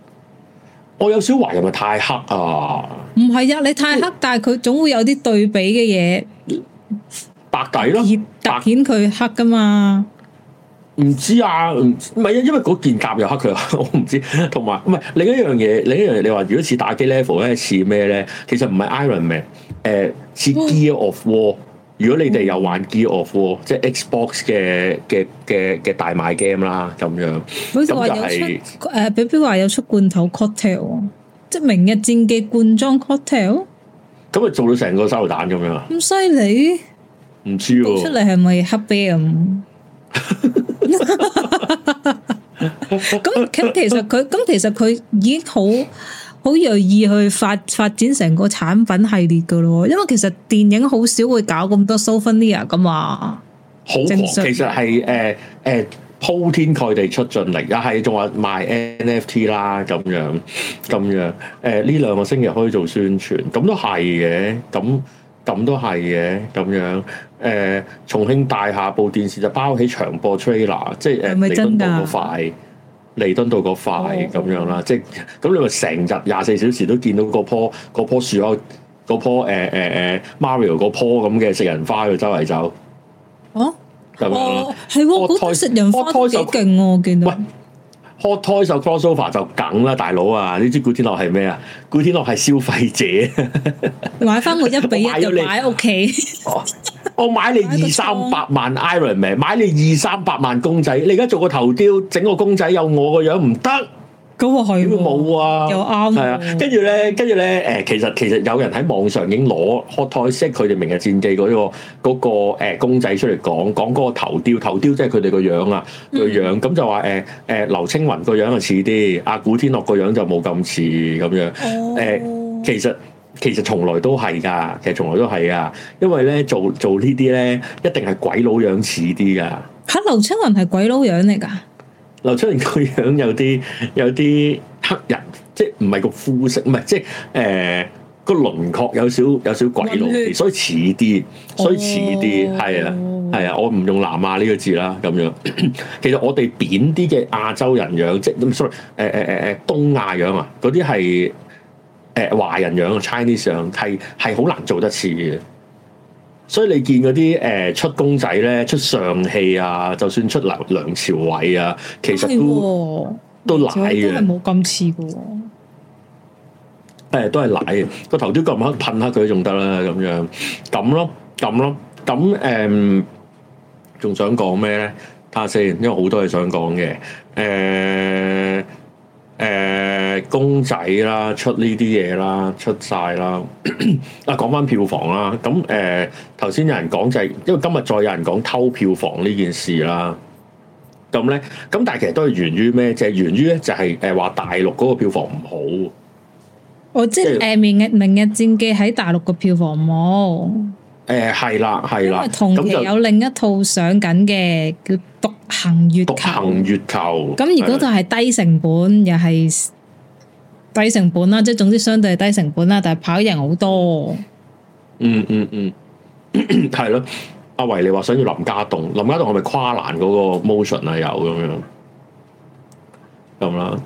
我有少懷疑係咪太黑啊？唔係啊，你太黑，是但係佢總會有啲對比嘅嘢，白底咯，突顯佢黑㗎嘛。唔知啊，唔係啊，因為嗰件夾又黑佢，我唔知。同埋唔係另一樣嘢，另一樣嘢你話如果似打機 level 咧似咩咧？其實唔係 Iron Man，誒、呃、似 Gear of War，哦。如果你哋有玩 Gear of War，即係 Xbox 嘅嘅嘅嘅大賣 game 啦咁樣。咁就係、是、誒，比比話有出罐頭 cocktail，即係明日戰記罐裝 cocktail。咁啊，做到成個沙蛋咁、啊、樣啊？咁犀利？唔知喎。出嚟係咪黑啤咁？咁佢、 [laughs] 嗯、其實佢咁、嗯、其實佢已經好好容易去發發展成個產品系列噶咯，因為其實電影好少會搞咁多 Souvenir 噶嘛。好證述 其實係誒誒鋪天蓋地出盡力，又係仲話賣 NFT 啦，咁樣咁樣誒呢兩個星期可以做宣傳，咁都係嘅，咁咁都係嘅，咁樣。誒重慶大廈部電視就包起長播 trailer，即係誒彌敦道嗰塊，彌敦道嗰塊咁樣啦。即係咁你咪成日廿四小時都見到嗰棵嗰棵樹啊，嗰棵誒誒誒 Mario 嗰棵咁嘅食人花佢周圍走。哦，係喎，嗰棵食人花幾勁啊！我見到。Hot toy 手拖 crossover 就梗啦，大佬啊！呢啲古天樂係咩啊？古天樂係消費者，買翻我一比一就擺喺屋企。我買你二三百萬 Iron Man，買你二三百萬公仔。你而家做個頭雕，整個公仔有我個樣唔得。咁啊，係。冇啊。又啱。係啊。跟住咧，跟住咧，誒，其實其實有人喺網上已經攞 Hot Toys 佢哋明日戰記嗰、嗰個、嗰個誒、呃、公仔出嚟講，講嗰個頭雕，頭雕即係佢哋個樣啊，個樣咁就話誒誒劉青雲個樣就似啲，呃呃，阿古天樂個樣就冇咁似咁樣。誒，oh. 其實。其實從來都係噶，其實從來都係噶，因為咧做做呢啲咧一定係鬼佬樣似啲噶。嚇，劉青雲係鬼佬樣嚟噶？劉青雲個樣有啲有啲黑人，即係唔係個膚色，唔係即係誒個輪廓有少有少鬼佬，溫血，所以似啲，所以似啲，係啊、oh.，係啊，我唔用南亞呢個字啦，咁樣咳咳。其實我哋扁啲嘅亞洲人樣，即係咁，sorry，誒誒誒誒東亞樣啊，嗰啲係。誒華人樣 Chinese 樣係係好難做得似嘅，所以你見嗰啲誒出公仔咧出上戲啊，就算出梁梁朝偉啊，其實都、哦、都奶嘅，冇咁似嘅。誒都係奶個頭都咁黑，噴黑佢都仲得啦咁樣，咁咯咁咯咁誒，仲、嗯、想講咩咧？睇下先，因為好多嘢想講嘅誒。呃誒、呃、公仔啦，出呢啲嘢啦，出晒啦。啊， [coughs] 講翻票房啦。咁、嗯、誒，頭先有人講就係、是，因為今日再有人講偷票房呢件事啦。咁咧，咁但係其實都係源於咩？就係、是、源於咧，就係誒話大陸嗰個票房唔好。哦，即係誒《明日明日戰記》喺大陸個票房唔好。誒，係、欸、啦，係啦，同期有另一套上緊嘅叫獨行月球。獨行月球。咁如果就係低成本，又係啦低成本啦，即係總之相對係低成本、嗯嗯嗯、 [coughs] 啦，但係跑贏好多。嗯嗯嗯，係咯，阿維你話想要林家棟，林家棟係咪跨欄嗰個 motion 啊？有咁樣，咁啦，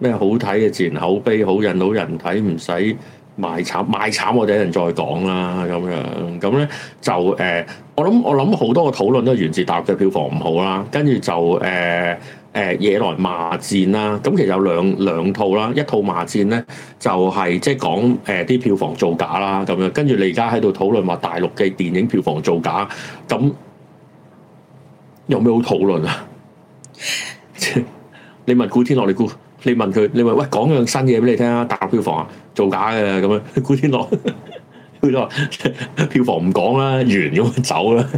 咩好睇嘅自然口碑，好引到人睇，唔使。賣慘賣慘、呃，我哋一陣再講啦，咁樣咁咧就誒，我諗我諗好多嘅討論都源自大陸嘅票房唔好啦，跟住就誒誒惹來罵戰啦。咁其實有兩兩套啦，一套罵戰咧就係即係講誒啲票房造假啦，咁樣跟住你而家喺度討論話大陸嘅電影票房造假，咁有咩好討論啊？ [laughs] 你問古天樂，你古你問佢，你問，你問，你問，你問喂，講樣新嘢俾你聽啊，大陸票房啊？造假嘅咁樣，古天樂佢都話票房唔講啦，完咁就走啦。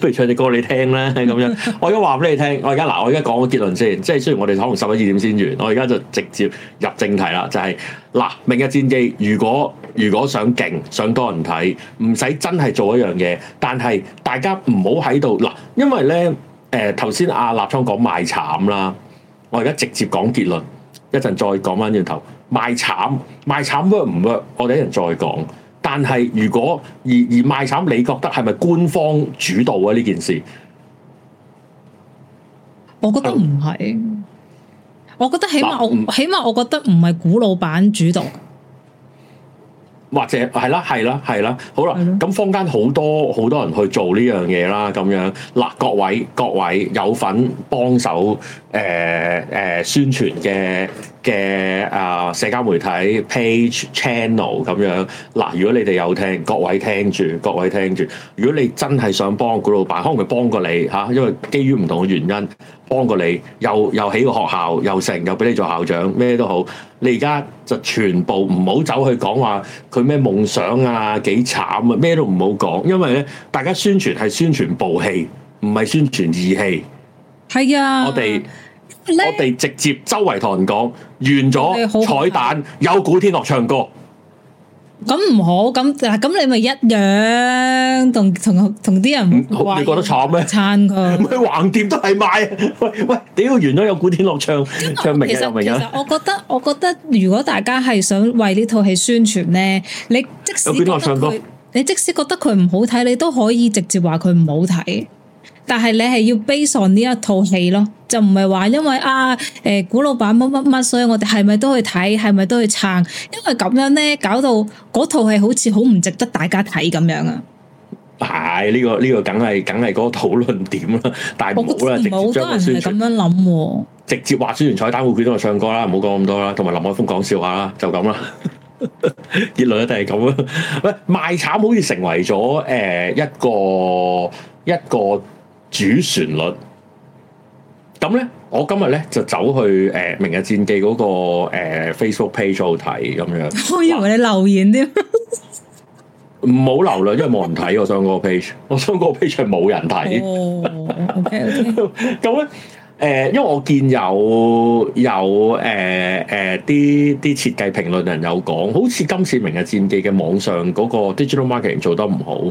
不 [laughs] 如唱隻歌你聽啦咁樣。 [laughs] 我而家話俾你聽，我而家嗱，我而家講個結論先，即係雖然我哋可能十一二點先完，我而家就直接入正題啦，就係、是、嗱，明日戰記如果如果想勁，想多人睇，唔使真係做一樣嘢，但係大家唔好喺度嗱，因為咧誒頭先阿立昌講賣慘啦，我而家直接講結論，一陣再講返轉頭。賣慘賣慘，work 唔 work？我哋有人再講。但係如果而而賣慘，你覺得係咪官方主導啊？呢件事我覺得唔係， [laughs] 我覺得起碼我 [laughs] 起碼，我覺得唔係古老闆主導。或者係啦，係啦，係啦。好啦，咁坊間好多好多人去做呢樣嘢啦，咁樣嗱，各位各位有份幫手誒誒宣傳嘅嘅啊社交媒體 page channel 咁樣嗱，如果你哋有聽，各位聽住，各位聽住。如果你真係想幫古老闆，可能佢幫過你吓，啊，因為基於唔同嘅原因幫過你，又又起個學校，又成，又俾你做校長，咩都好。你而家就全部唔好走去講話佢咩夢想啊，幾慘啊，咩都唔好講，因為咧，大家宣傳係宣傳部戲，唔係宣傳義氣。係啊，我哋我哋直接周圍同人講完咗彩蛋，有古天樂唱歌。咁唔好，咁嗱，咁你咪一樣同同同啲人，你覺得慘咩？話撐佢，佢橫掂都係賣。喂喂，屌原來有古天樂唱唱名人，其實我覺得我覺得，如果大家係想為呢套戲宣傳咧，你即使覺得佢，你即使覺得佢唔好睇，你都可以直接話佢唔好睇。但係你係要悲傷呢一套戲咯，就唔係話因為啊誒古老闆乜乜乜，所以我哋係咪都去睇，係咪都去撐？因為咁樣咧，搞到嗰套戲好似好唔值得大家睇咁樣啊！係呢個呢個，梗係梗係嗰個討論點啦。但係唔係好多人係咁樣諗，直接話宣傳彩蛋，古巨都去唱歌啦，唔好講咁多啦。同埋林海峰講笑話啦，就咁啦。結論一定係咁啊！喂，賣慘好似成為咗誒一個一個。主旋律，咁咧，我今日咧就走去誒、呃《明日戰記》嗰個誒 Facebook page 度睇咁樣。 [laughs] 哇我以為你留言添，唔好留啦，因為冇人睇。我上嗰個 page，我上嗰個 page 係冇人睇。咁咧，誒，因為我見有有誒誒啲啲設計評論人有講，好似今次《明日戰記》嘅網上嗰個 digital marketing 做得唔好，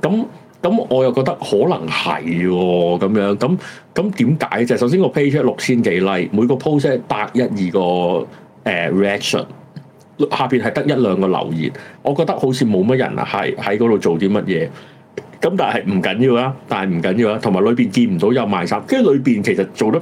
咁。咁我又覺得可能係喎、哦，咁樣咁咁點解啫？首先我 pay 出六千幾例，每個 post 得一二個誒、呃、reaction，下邊係得一兩個留言，我覺得好似冇乜人啊，係喺嗰度做啲乜嘢？咁但係唔緊要啦，但係唔緊要啦，同埋裏邊見唔到有賣衫，跟住裏邊其實做得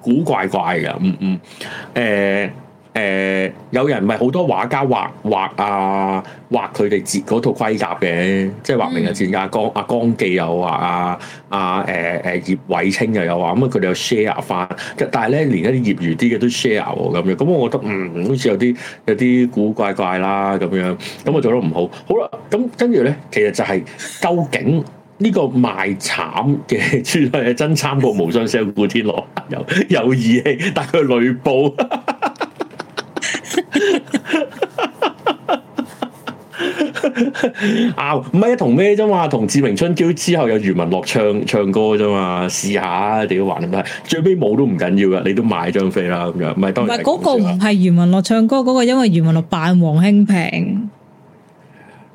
古怪怪嘅，嗯嗯誒。呃誒、呃、有人唔係好多畫家畫畫啊，畫佢哋截嗰套盔甲嘅，即係畫明日戰阿江阿、啊、江記又有畫，阿阿誒誒葉偉清又有畫，咁佢哋又 share 返，但係咧連一啲業餘啲嘅都 share 喎，咁樣咁我覺得嗯好似有啲有啲古怪怪啦咁樣，咁我做得唔好，好啦，咁跟住咧其實就係究竟呢個賣慘嘅算係真參破無相笑古天樂 [laughs] 有有義氣，但係佢雷暴。 [laughs] 啊，唔係同咩啫嘛，同志明春嬌之後有余文樂唱唱歌啫嘛，試下點都還都係，最尾冇都唔緊要噶，你都買張飛啦咁樣，唔係當唔係嗰個唔係余文樂唱歌嗰、那個，因為余文樂扮黃興平。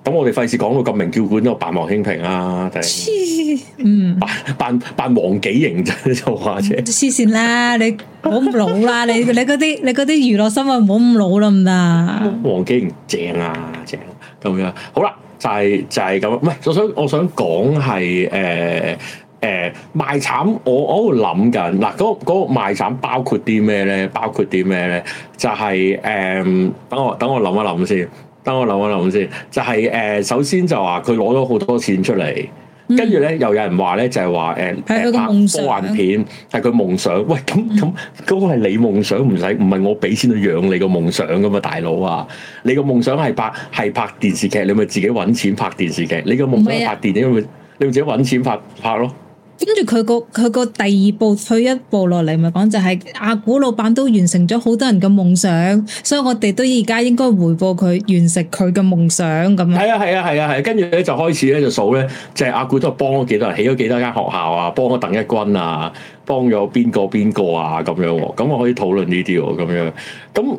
咁我哋費事講到咁明叫管都、啊，管、嗯，扮黃興平 [laughs] [laughs] [laughs] 啊，定嗯扮扮扮黃紀瑩啫，就話啫黐線啦！你好咁老啦，你你嗰啲你嗰啲娛樂新聞，冇咁老啦，唔得！黃紀瑩正啊正咁樣，好啦，就係就係咁，唔係我想我想講係誒誒賣慘，我我喺度諗緊嗱，嗰、那、嗰、個那個賣慘包括啲咩咧？包括啲咩咧？就係、是、誒，等、嗯、我等我諗一諗先。等我諗一諗先，就係、是、誒、呃，首先就話佢攞咗好多錢出嚟，跟住咧又有人話咧就係話誒拍科幻片，但係佢夢想，喂咁咁嗰個係你夢想，唔使唔係我俾錢去養你個夢想㗎嘛，大佬啊，你個夢想係拍係拍電視劇，你咪自己搵錢拍電視劇，你個夢想拍電影咪，啊、你自己搵錢拍拍咯。跟住佢個佢個第二步退一步落嚟，就是，咪講就係阿古老闆都完成咗好多人嘅夢想，所以我哋都而家應該回報佢完成佢嘅夢想咁。係啊係啊係啊係，跟住咧就開始咧就數咧，就係阿古都幫咗幾多人起咗幾多間學校啊，幫咗鄧一軍啊，幫咗邊個邊個啊咁樣，咁我可以討論呢啲喎，咁樣咁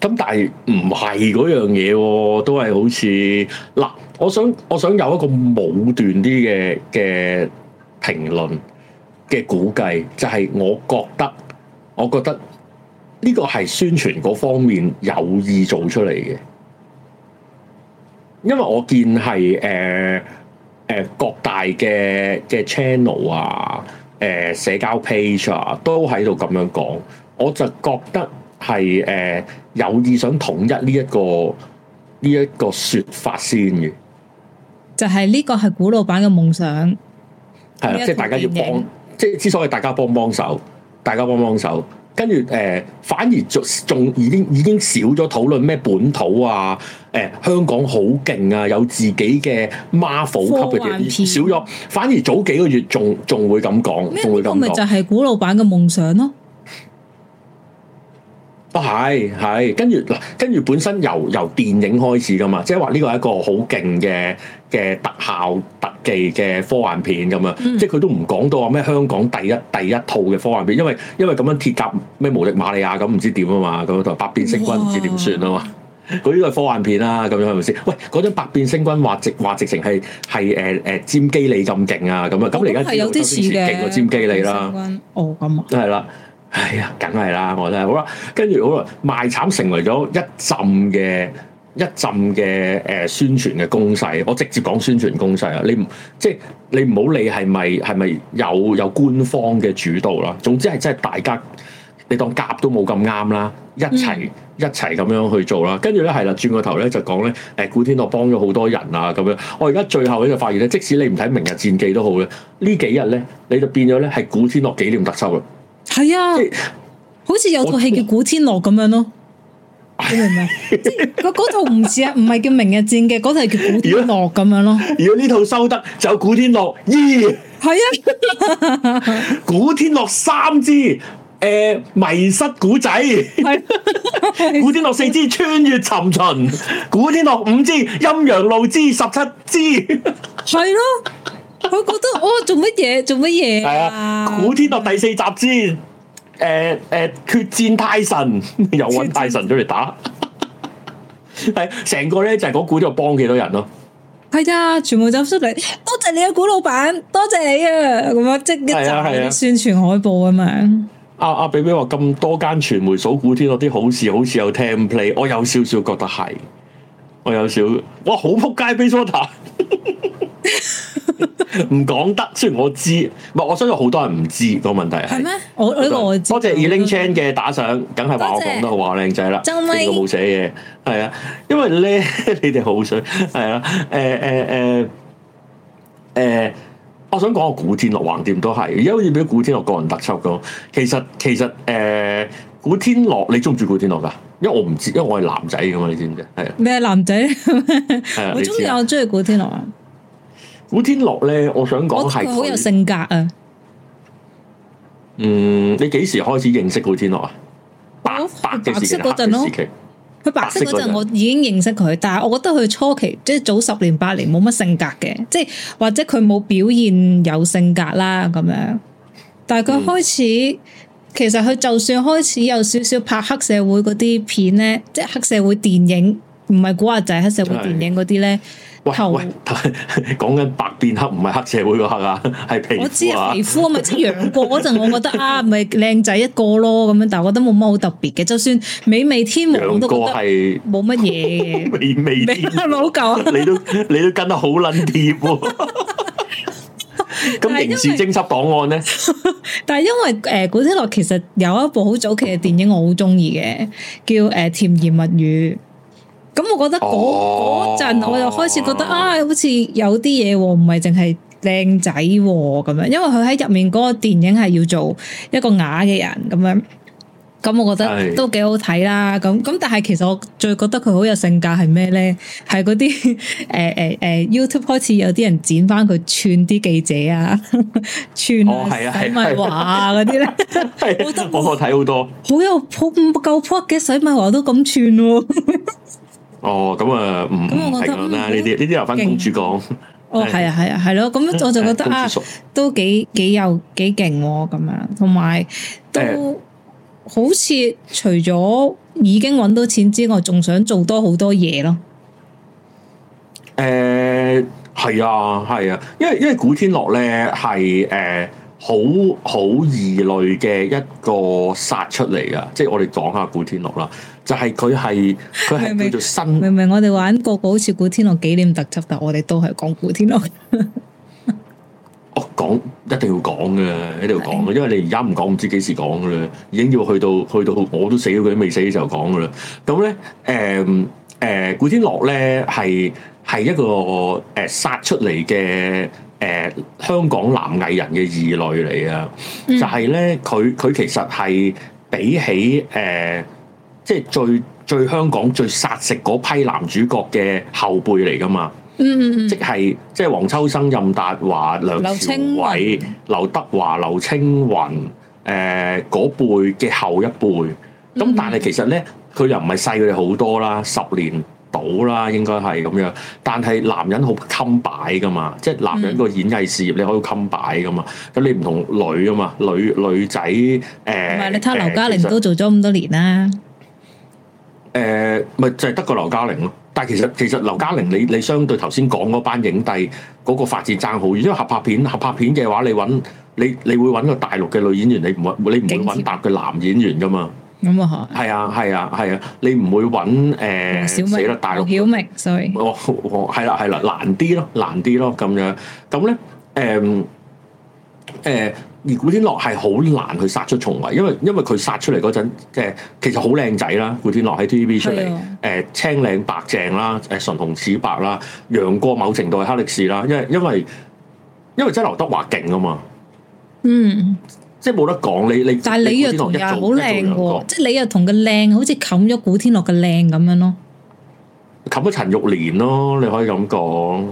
咁但係唔係嗰樣嘢，都係好似嗱，我想我想有一個武斷啲嘅嘅。評論嘅估計就係我覺得，我覺得呢個係宣傳嗰方面有意做出嚟嘅，因為我見係誒誒各大嘅嘅 channel 啊、誒、呃、社交 page 啊都喺度咁樣講，我就覺得係誒、呃、有意想統一呢、這、一個呢一、這個說法先嘅，就係呢個係古老闆嘅夢想。係啦，即係大家要幫，即係之所以大家幫幫手，大家幫幫手，跟住誒，反而仲仲已經已經少咗討論咩本土啊，誒、呃、香港好勁啊，有自己嘅 Marvel 級嘅嘢，少咗，反而早幾個月仲仲會咁講，仲會咁咪就係古老闆嘅夢想咯。啊係係，跟住嗱，跟住本身由由電影開始噶嘛，即係話呢個係一個好勁嘅。嘅特效特技嘅科幻片咁啊，即係佢都唔講到話咩香港第一第一套嘅科幻片，因為因為咁樣鐵甲咩無力瑪利亞咁唔知點啊嘛，咁同埋百變星君唔知點算哇啊嘛，啲都係科幻片啦咁樣係咪先？Cum? 喂，嗰張百變星君話直話直情係係誒誒占基利咁勁啊咁啊，咁你而家係有啲似勁過占基利啦。哦咁啊，真係啦、呃，哎呀，梗係啦，我真係好啦，跟住好啦，賣慘成為咗一浸嘅。一陣嘅誒宣傳嘅攻勢，我直接講宣傳攻勢啊！你唔即係你唔好理係咪係咪有有官方嘅主導啦。總之係真係大家，你當夾都冇咁啱啦，一齊一齊咁樣去做啦。跟住咧係啦，轉個頭咧就講咧誒，古天樂幫咗好多人啊咁樣。我而家最後咧就發現咧，即使你唔睇《明日戰記》都好咧，呢幾日咧你就變咗咧係古天樂紀念特輯啦。係啊，即好似有套戲叫《古天樂我》咁樣咯。你 [noise] 明唔明？即係嗰套唔似啊，唔係叫《明日戰記》嘅，嗰套係叫古天樂咁樣咯。如果呢套收得，就有古天樂二，係啊，古天樂三支誒，迷失古仔。古天樂四支穿越尋秦，古天樂五支陰陽路之十七支。係咯，佢覺得哦，做乜嘢？做乜嘢啊？古天樂第四集先。誒誒、呃呃，決戰泰神， [laughs] 又揾泰神出嚟打，係成決戰 [laughs] 個咧就係講古天助幫幾多人咯。係啊，全部走出嚟，多謝你啊，古老闆，多謝你啊，咁啊，即係就係宣傳海報啊嘛。阿阿比比話咁多間傳媒數古天攞啲好事，好事有 template，我有少少覺得係，我有少，我好撲街 Beastota 唔講 [laughs] 得，雖然我知，唔係，我相信好多人唔知，個問題係咩。我呢對個我知，對我知多謝 Eling Chan 嘅打賞，梗係話我講得好話靚仔啦。呢個冇寫嘢，係啊，因為咧你哋 [laughs] 好想，係啊，誒誒誒誒。呃呃呃呃我想講個古天樂橫掂都係，而家好似俾古天樂個人特輯咁。其實其實誒、呃，古天樂，你中唔中古天樂噶？因為我唔知，因為我係男仔嘅嘛，你知唔知？係啊，咩男仔， [laughs] 我中意我中意古天樂啊。古天樂咧，我想講係佢好有性格啊。嗯，你幾時開始認識古天樂啊？哦、白白嘅時期嗰陣咯。佢白色嗰陣我已經認識佢，但係我覺得佢初期即係早十年八年冇乜性格嘅，即係或者佢冇表現有性格啦咁樣。但係佢開始，嗯、其實佢就算開始有少少拍黑社會嗰啲片咧，即係黑社會電影，唔係古惑仔黑社會電影嗰啲咧。就是頭喂，講緊白變黑，唔係黑社會個黑啊，係皮啊，皮膚啊，咪即係楊過嗰陣，我覺得啊，咪靚仔一個咯咁樣，但係我覺得冇乜好特別嘅，就算美味天王我都覺得冇乜嘢。美味天王老舊，你都你都跟得好撚貼。咁刑事偵緝檔案咧，但係因為誒古天樂其實有一部好早期嘅電影，我好中意嘅，叫誒《甜言蜜語》。咁、嗯嗯、我覺得嗰陣，我又開始覺得、嗯、啊，好似有啲嘢喎，唔係淨係靚仔咁、哦、樣，因為佢喺入面嗰個電影係要做一個啞嘅人咁樣。咁我覺得都幾好睇啦。咁咁的、嗯，但係其實我最覺得佢好有性格係咩咧？係嗰啲誒誒誒 YouTube 開始有啲人剪翻佢串啲記者啊，串啊、哦、洗米華嗰啲咧。我覺得我個睇好多，好有好唔夠樸嘅洗米華都咁串喎、啊。 [laughs] 哦，咁、哦、啊，唔，咁我覺得啦，呢啲呢啲又翻公主講。哦，係啊，係啊，係咯，咁我就覺得啊，都幾幾有幾勁喎，咁樣、呃，同埋都好似除咗已經揾到錢之外，仲想做多好多嘢咯。誒、呃，係啊，係啊，啊，因為因為古天樂咧係誒好好異類嘅一個殺出嚟噶，即係我哋講下古天樂啦。就係佢係佢係叫做新，明唔明？我哋玩個個好似古天樂紀念特輯，但我哋都係講古天樂。我、 [laughs] 哦、講一定要講嘅，一定要講嘅，講是的 因為你而家唔講，唔知幾時講嘅咧，已經要去到去到我都死咗，佢都未死嘅時候講嘅啦。咁咧，誒、嗯、誒、嗯、古天樂咧係係一個誒殺出嚟嘅誒香港男藝人嘅異類嚟啊！嗯、就係咧，佢佢其實係比起誒。呃即係最最香港最殺食嗰批男主角嘅後輩嚟噶嘛？嗯嗯，嗯即係即係黃秋生、任達華、梁朝偉、劉，青劉德華、劉青雲，誒、呃、嗰輩嘅後一輩。咁、嗯嗯、但係其實咧，佢又唔係細佢哋好多啦，十年到啦，應該係咁樣。但係男人好襟擺噶嘛，即係男人個演藝事業你可以襟擺噶嘛。咁、嗯嗯、你唔同女啊嘛，女女仔誒，呃、你睇劉嘉玲其實 都做咗咁多年啦。誒，咪、呃、就係得個劉嘉玲咯，但係其實其實劉嘉玲你你相對頭先講嗰班影帝嗰、嗰個發展爭好，如果合拍片合拍片嘅話，你揾你你會揾個大陸嘅女演員，你唔會你唔會揾搭嘅男演員噶嘛？咁善啊，係啊係啊係啊，你唔會揾，誒，呃、明、小明。死啦，大陸，sorry，我我係啦係啦，難啲咯，難啲咯，咁樣咁咧，誒誒。呃呃呃而古天樂係好難去殺出重圍，因為因為佢殺出嚟嗰陣，即、呃、係其實好靚仔啦。古天樂喺 TVB 出嚟，誒的、呃、青靚白淨啦，誒唇紅齒白啦，楊過某程度係黑歷史啦。因為因為因為真係劉德華勁啊嘛，嗯，即係冇得講你你，你但係李若彤好靚喎，即係李若彤嘅靚，好似冚咗古天樂嘅靚咁樣咯，哦，冚咗陳玉蓮咯，你可以咁講。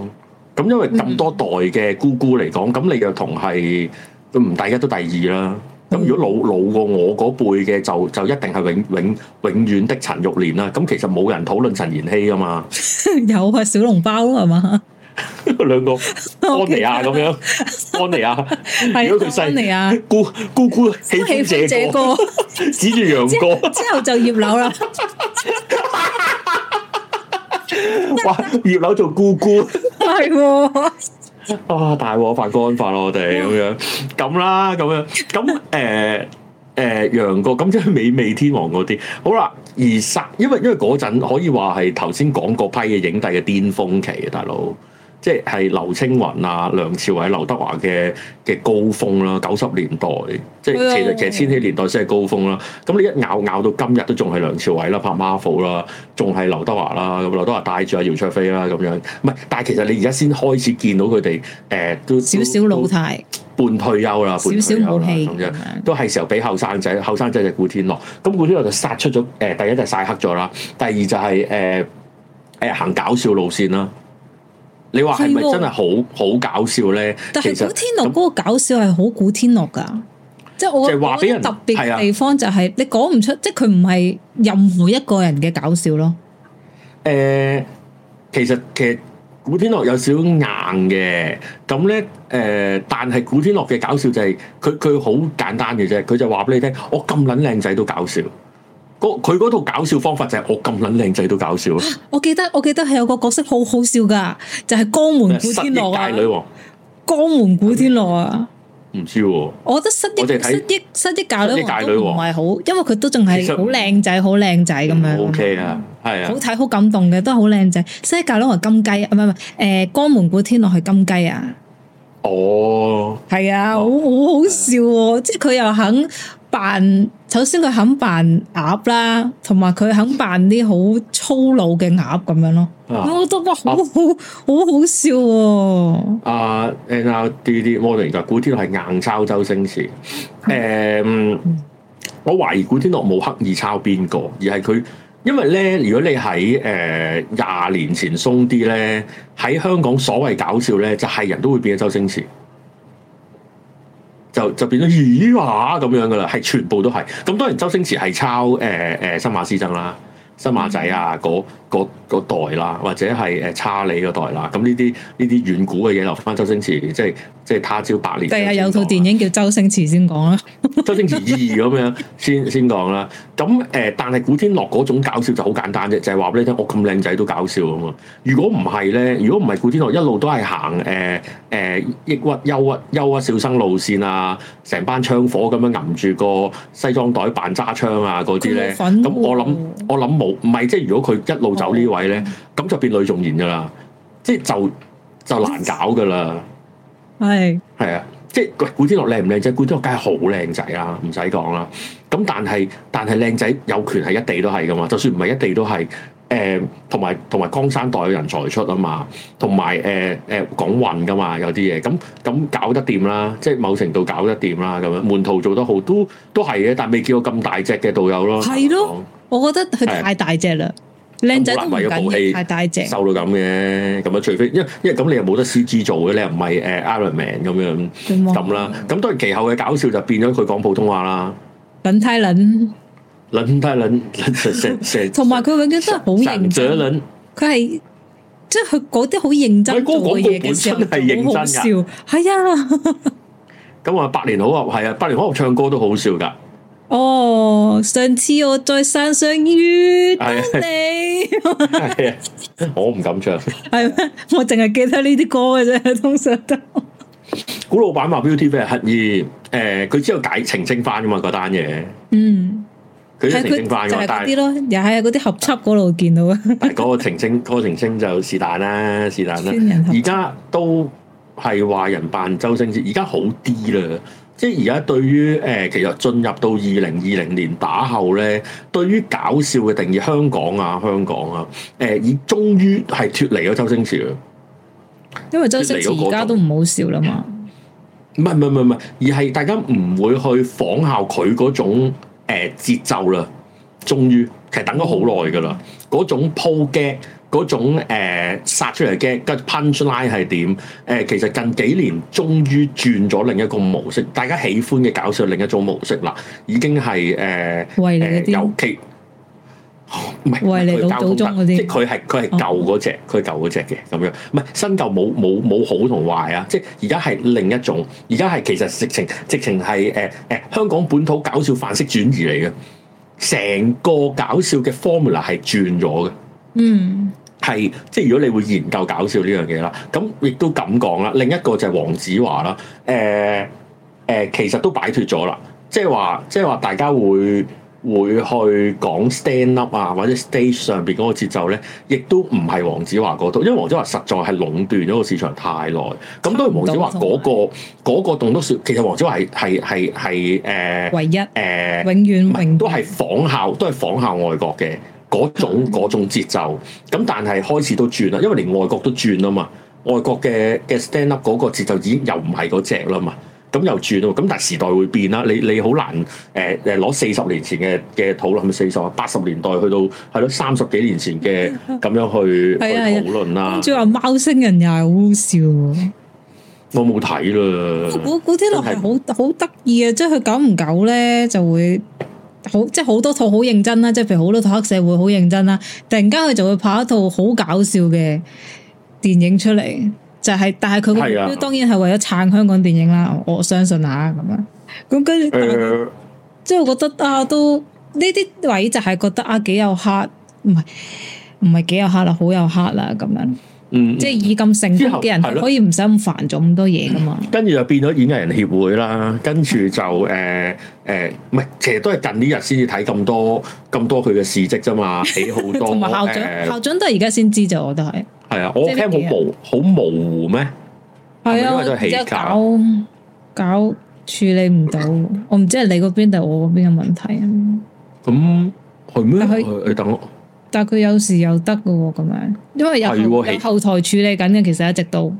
咁因為咁多代嘅姑姑嚟講，咁李若彤係。咁唔第一都第二啦，咁如果老老過我嗰輩嘅就就一定係永永永遠的陳玉蓮啦，咁其實冇人討論陳妍希噶嘛？ [laughs] 有啊，小籠包係嘛？兩 [laughs] 個安妮亞咁樣， [laughs] 安妮亞，如果佢細安妮亞姑姑姑喜喜姐哥， [laughs] 指住楊過之後就葉柳啦，葉 [laughs] 柳 [laughs] [laughs] [laughs] 做姑姑係喎。 [laughs] [laughs] [laughs] 哇！大鑊發乾發咯，我哋咁樣咁啦，咁樣咁誒誒，楊過咁即係美味天王嗰啲。好啦，而殺因為因為嗰陣可以話係頭先講嗰批嘅影帝嘅巔峰期啊，大佬。即係劉青雲啊、梁朝偉、劉德華嘅嘅高峰啦，九十年代即係其實其實千禧年代先係高峰啦。咁你一咬咬到今日都仲係梁朝偉啦，拍 Marvel 啦，仲係劉德華啦。咁劉德華帶住阿姚卓菲啦咁樣，唔係，但係其實你而家先開始見到佢哋誒都少少老態，半退休啦，半退休咁樣，都係時候俾後生仔，後生仔就古天樂。咁古天樂就殺出咗誒，第一就曬黑咗啦，第二就係誒誒行搞笑路綫啦。你話係咪真係好，啊，好搞笑咧？但係古天樂嗰個搞笑係好古天樂噶即係我即係話俾人特別地方就係你講唔出，啊，即係佢唔係任何一個人嘅搞笑咯。誒，呃，其實其實古天樂有少少硬嘅，咁咧誒，但係古天樂嘅搞笑就係佢佢好簡單嘅啫，佢就話俾你聽，我咁撚靚仔都搞笑。佢嗰套搞笑方法就係我咁捻靚仔都搞笑、啊、我記得我記得係有個角色好好笑噶，就係、是、江門古天樂啊！失憶界女王，江門古天樂啊！唔知喎、啊，我覺得失憶失憶失憶界女王都唔係好，因為佢都仲係好靚仔，好靚仔咁樣。O K 啦，係啊，啊好睇好感動嘅，都係好靚仔。失憶界女王係金雞，唔係唔係，誒、呃，江門古天樂係金雞啊！哦，係啊，好好、哦、好笑、啊，即係佢又肯。扮，首先佢肯扮鴨啦，同埋佢肯扮啲好粗魯嘅鴨咁樣咯，我覺得好好好好笑，啊。阿、uh, N D D model 就古天樂係硬抄周星馳。誒、um, 嗯，我懷疑古天樂冇刻意抄邊個，而係佢因為咧，如果你喺誒廿年前鬆啲咧，喺香港所謂搞笑咧，就係人都會變咗周星馳。就就變咗咦話咁、啊、樣噶啦，係全部都係。咁當然周星馳係抄誒誒新馬師曾啦。新馬仔啊，嗰代啦，或者係誒查理嗰代啦，咁呢啲呢啲遠古嘅嘢落翻周星馳，即係即係他朝百年才才。係啊，有套電影叫《周星馳》先講啦。周星馳意義咁樣 [laughs] 先先講啦。咁誒、呃，但係古天樂嗰種搞笑就好簡單啫，就係、是、話畀你聽我咁靚仔都搞笑咁嘛。如果唔係咧，如果唔係古天樂一路都係行誒誒抑鬱憂鬱憂鬱笑聲路線啊，成班槍火咁樣揞住個西裝袋扮揸槍啊嗰啲咧，咁、啊、我諗我諗冇。唔係，即係如果佢一路走呢位咧，咁就、oh. 變女仲嫌㗎啦，即係就就難搞㗎啦。係係啊，即係古天樂靚唔靚仔？古天樂梗係好靚仔啊，唔使講啦。咁但係但係靚仔有權係一地都係㗎嘛，就算唔係一地都係。誒同埋同埋江山代有人才出啊嘛，同埋誒誒講運㗎嘛，有啲嘢咁咁搞得掂啦，即係某程度搞得掂啦，咁樣門徒做得好都都係嘅，但係未見過咁大隻嘅導遊咯。係咯，我覺得佢太大隻啦，靚仔都唔緊要，太大隻，瘦到咁嘅咁啊！除非因因為咁你又冇得 CG 做嘅，你又唔係誒 Iron Man 咁樣咁啦。咁當然其後嘅搞笑就變咗佢講普通話啦。滾胎輪。擰太擰，同埋佢永遠都係好認真。擰佢係即係佢嗰啲好認真時候。佢嗰個廣告本身係認真嘅，係好、 [laughs] 嗯、啊。咁啊，百年好合係啊，百年好合唱歌都好笑噶。哦，上次我再山上遇到 [laughs] 等你，係 [laughs] 啊，我唔敢唱。係咩 [laughs] 我淨係記得呢啲歌嘅啫，通常都 [laughs] 。古老闆話 Beauty Face 係刻意誒，佢之後解澄清翻噶嘛嗰單嘢。嗯。佢啲澄清翻嘅，但係，又喺嗰啲合輯嗰度見到啊。嗰個澄清，嗰個澄清就是但啦，是但啦。而家都係話人扮周星馳，而家好啲啦。即係而家對於誒，其實進入到二零二零年打後咧，對於搞笑嘅定義，香港啊，香港啊，誒，已終於係脫離咗周星馳。因為周星馳而家都唔好笑啦嘛。唔係唔係唔係，而係大家唔會去仿效佢嗰種。誒、呃、節奏啦，終於其實等咗好耐㗎啦，嗰、嗯、種鋪嘅嗰種誒殺、呃、出嚟嘅個 punchline 係點？誒、呃、其實近幾年終於轉咗另一個模式，大家喜歡嘅搞笑另一種模式啦，已經係誒誒尤其。唔係，喂你老祖宗嗰啲，即係佢係佢係舊嗰隻，佢舊嗰隻嘅咁樣，唔係新舊冇冇冇好同壞啊！即係而家係另一種，而家係其實直情直情係誒誒香港本土搞笑範式轉移嚟嘅，成個搞笑嘅 formula 係轉咗嘅。嗯，係即係如果你會研究搞笑呢樣嘢啦，咁亦都咁講啦。另一個就係黃子華啦，誒、呃、誒、呃，其實都擺脫咗啦，即係話即係話大家會。會去講 stand up 啊，或者 stage 上邊嗰個節奏咧，亦都唔係黃子華嗰度，因為黃子華實在係壟斷咗個市場太耐，咁當然，黃子華嗰、嗰個嗰 [music] 個棟篤笑。其實黃子華係係係係誒唯一誒、呃，永遠都係仿效，都係仿效外國嘅嗰種嗰種 [music] 節奏。咁但係開始都轉啦，因為連外國都轉啊嘛，外國嘅嘅 stand up 嗰個節奏已經又唔係嗰隻啦嘛。咁又轉喎，咁但係時代會變啦。你你好難誒誒攞四十年前嘅嘅討論，四十八十年代去到係咯三十幾年前嘅咁樣去， [laughs] 去討論啦。跟住話貓星人又係好笑，我我，我冇睇嘞。古古天樂係好好得意嘅，即係佢久唔久咧就會好即係好多套好認真啦，即係譬如好多套黑社會好認真啦，突然間佢就會拍一套好搞笑嘅電影出嚟。就係、是，但係佢的當然係為咗撐香港電影啦，我相信下咁樣。咁跟住，即係、呃、我覺得啊，都呢啲位就係覺得啊，幾有 heart，唔係唔係幾有 heart 啦，好有 heart 啦咁樣。嗯、即係以咁成熟啲人可以唔使咁煩做咁多嘢噶嘛？跟住就變咗演藝人協會啦，跟住就誒誒，唔、呃、係，其實都係近呢日先至睇咁多咁多佢嘅事跡啫嘛，起好多。同埋 [laughs] 校長，呃、校長都係而家先知就我都係。係啊，我聽好模好模糊咩？係啊，即係搞搞處理唔到，我唔知係你嗰邊定係我嗰邊嘅問題、啊。咁係咩？你等我。但佢有時又得噶喎，咁樣，因為有後的有後台處理緊嘅，其實一直都，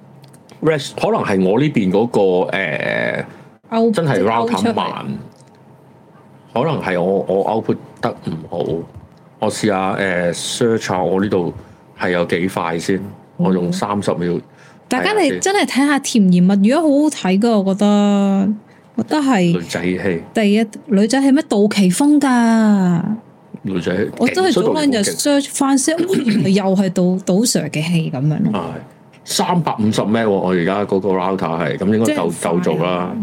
可能係我呢邊嗰個誒，呃、口真係 routing 慢，可能係我我 output 得唔好，我試下誒 search 下我呢度係有幾快先，嗯、我用三十秒。大家你真係睇下《甜言蜜語》都好好睇噶，我覺得，我覺得係女仔戲第一女仔係咩？杜琪峰噶。女仔，我真係想問就 search 翻又係到賭 Sir 嘅戲咁樣咯。係三百五十 Mbps 我而家嗰個 router 係咁，應該夠夠做啦，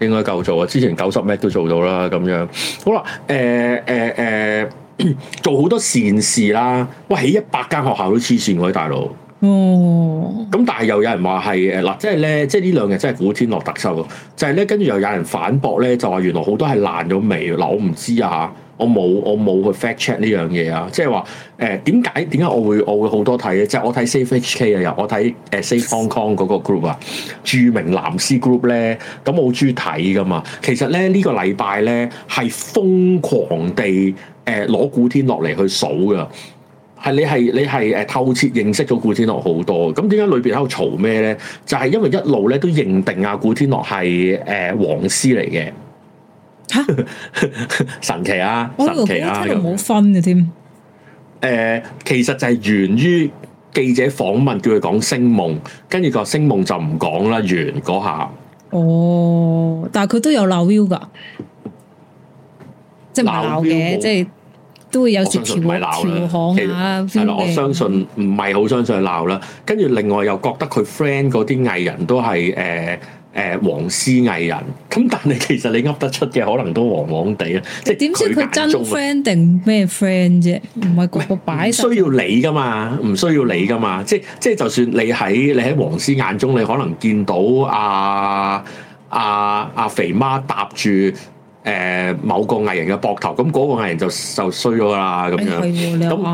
應該夠做啊！之前九十 m 都做到啦，咁樣好啦。誒誒誒，做好多善事啦。喂，起一百間學校都黐線喎，啲大佬。哦。咁但係又有人話係誒嗱，即係咧，即係呢兩日真係古天樂特收就係咧跟住又有人反駁咧，就話原來好多係爛咗尾，嗱、啊、我唔知啊嚇。我冇我冇去 fact check 呢樣嘢啊！即係話誒點解點解我會我會好多睇咧？即係我睇 Safe HK 啊，又我睇誒 Safe Hong Kong 嗰個 group 啊，著名藍絲 group 咧，咁我好中意睇噶嘛。其實咧呢個禮拜咧係瘋狂地誒攞古天樂嚟去數噶，係你係你係誒透徹認識咗古天樂好多。咁點解裏邊喺度嘈咩咧？就係因為一路咧都認定啊古天樂係誒黃絲嚟嘅。吓、啊、神奇啊！神奇啊！真係冇分嘅添。誒，其實就係源於記者訪問叫講夢，叫佢講星夢，跟住個星夢就唔講啦，完嗰下。哦，但係佢都有鬧 view 噶，view 即係鬧嘅，即係都會有時調調行下。係啦實 feel，我相信唔係好相信鬧啦。跟住另外又覺得佢 friend 嗰啲藝人都係誒。呃誒、呃、黃絲藝人，咁但係其實你噏得出嘅可能都黃黃地啦，即係點知佢真 friend 定咩 friend 啫？唔係、啊、個擺，需要你㗎嘛？唔需要你㗎嘛？即即係就算你喺你喺黃絲眼中，你可能見到阿阿阿肥媽搭住誒、呃、某個藝人嘅膊頭，咁嗰個藝人就就衰咗啦咁樣。係啱、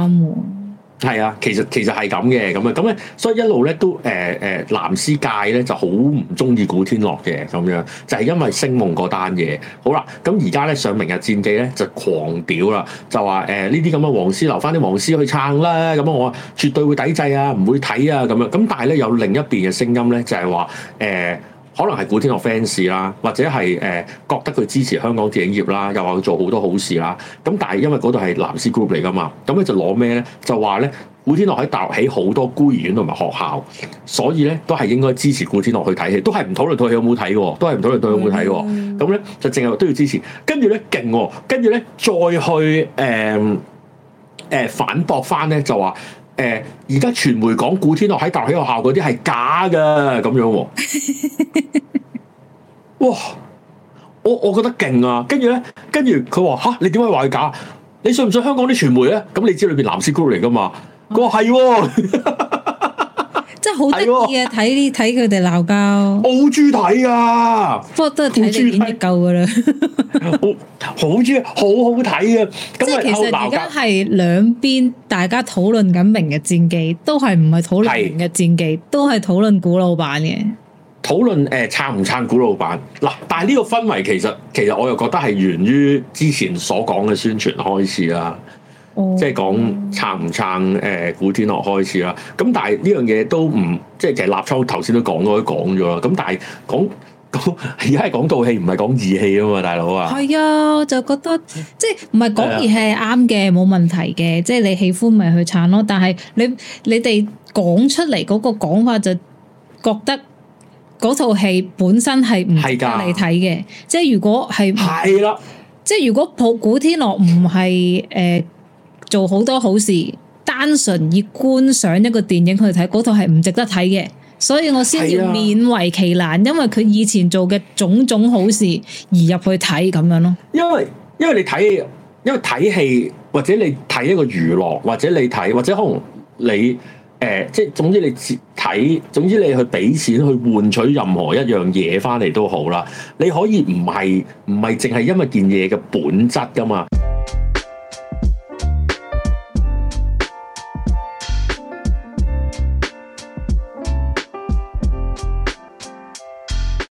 哎係啊，其實其實係咁嘅，咁啊咁咧，所以一路咧都誒誒，藍、呃、絲、呃、界咧就好唔中意古天樂嘅咁樣，就係、是、因為聲夢嗰單嘢。好啦，咁而家咧上《明日戰記》咧就狂屌、呃、啦，就話誒呢啲咁嘅黃絲留翻啲黃絲去撐啦，咁我絕對會抵制啊，唔會睇啊咁樣。咁但係咧有另一邊嘅聲音咧就係話誒。呃可能係古天樂 fans 啦，或者係誒、呃、覺得佢支持香港電影業啦，又話佢做好多好事啦。咁但係因為嗰度係藍絲 group 嚟噶嘛，咁咧就攞咩咧？就話咧，古天樂喺大陸起好多孤兒院同埋學校，所以咧都係應該支持古天樂去睇戲，都係唔討論對戲有冇睇喎，都係唔討論對戲、嗯、有冇睇喎。咁咧就淨係都要支持。跟住咧勁喎，跟住咧再去誒誒、呃呃、反駁翻咧就話。誒，而家傳媒講古天樂喺大陸起學校嗰啲係假嘅，咁樣，哇，我我覺得勁啊！跟住咧，跟住佢話吓，你點解以話佢假？你信唔信香港啲傳媒咧？咁你知裏邊藍絲褲嚟噶嘛？佢話係。嗯 [laughs] 好得意啊！睇啲睇佢哋鬧交，好中意睇啊！ [laughs] 不過都係睇電影就夠噶啦，好中好好睇啊！即 [noise] 係樂其實而家係兩邊大家討論緊明日戰記，都係唔係討論明日戰記，的都係討論古老闆嘅討論誒，撐唔撐古老闆嗱？但係呢個氛圍其實其實我又覺得係源於之前所講嘅宣傳開始啦。即係講撐唔撐誒古天樂開始啦，咁但係呢樣嘢都唔即係其實立場頭先都講咗都講咗啦，咁但係講而家係講套戲唔係講義氣啊嘛，大佬啊，係啊，就覺得即係唔係講義氣係啱嘅，冇問題嘅，的即係你喜歡咪去撐咯，但係你你哋講出嚟嗰個講法就覺得嗰套戲本身係唔啱你睇嘅，的即係如果係係啦，的即係如果抱古天樂唔係誒。呃做好多好事，單純以觀賞一個電影去睇，嗰套係唔值得睇嘅，所以我先要勉為其難，啊、因為佢以前做嘅種種好事而入去睇咁樣咯。因為因為你睇，因為睇戲或者你睇一個娛樂，或者你睇或者可能你誒、呃，即係總之你睇，總之你去俾錢去換取任何一樣嘢返嚟都好啦。你可以唔係唔係淨係因為件嘢嘅本質㗎嘛？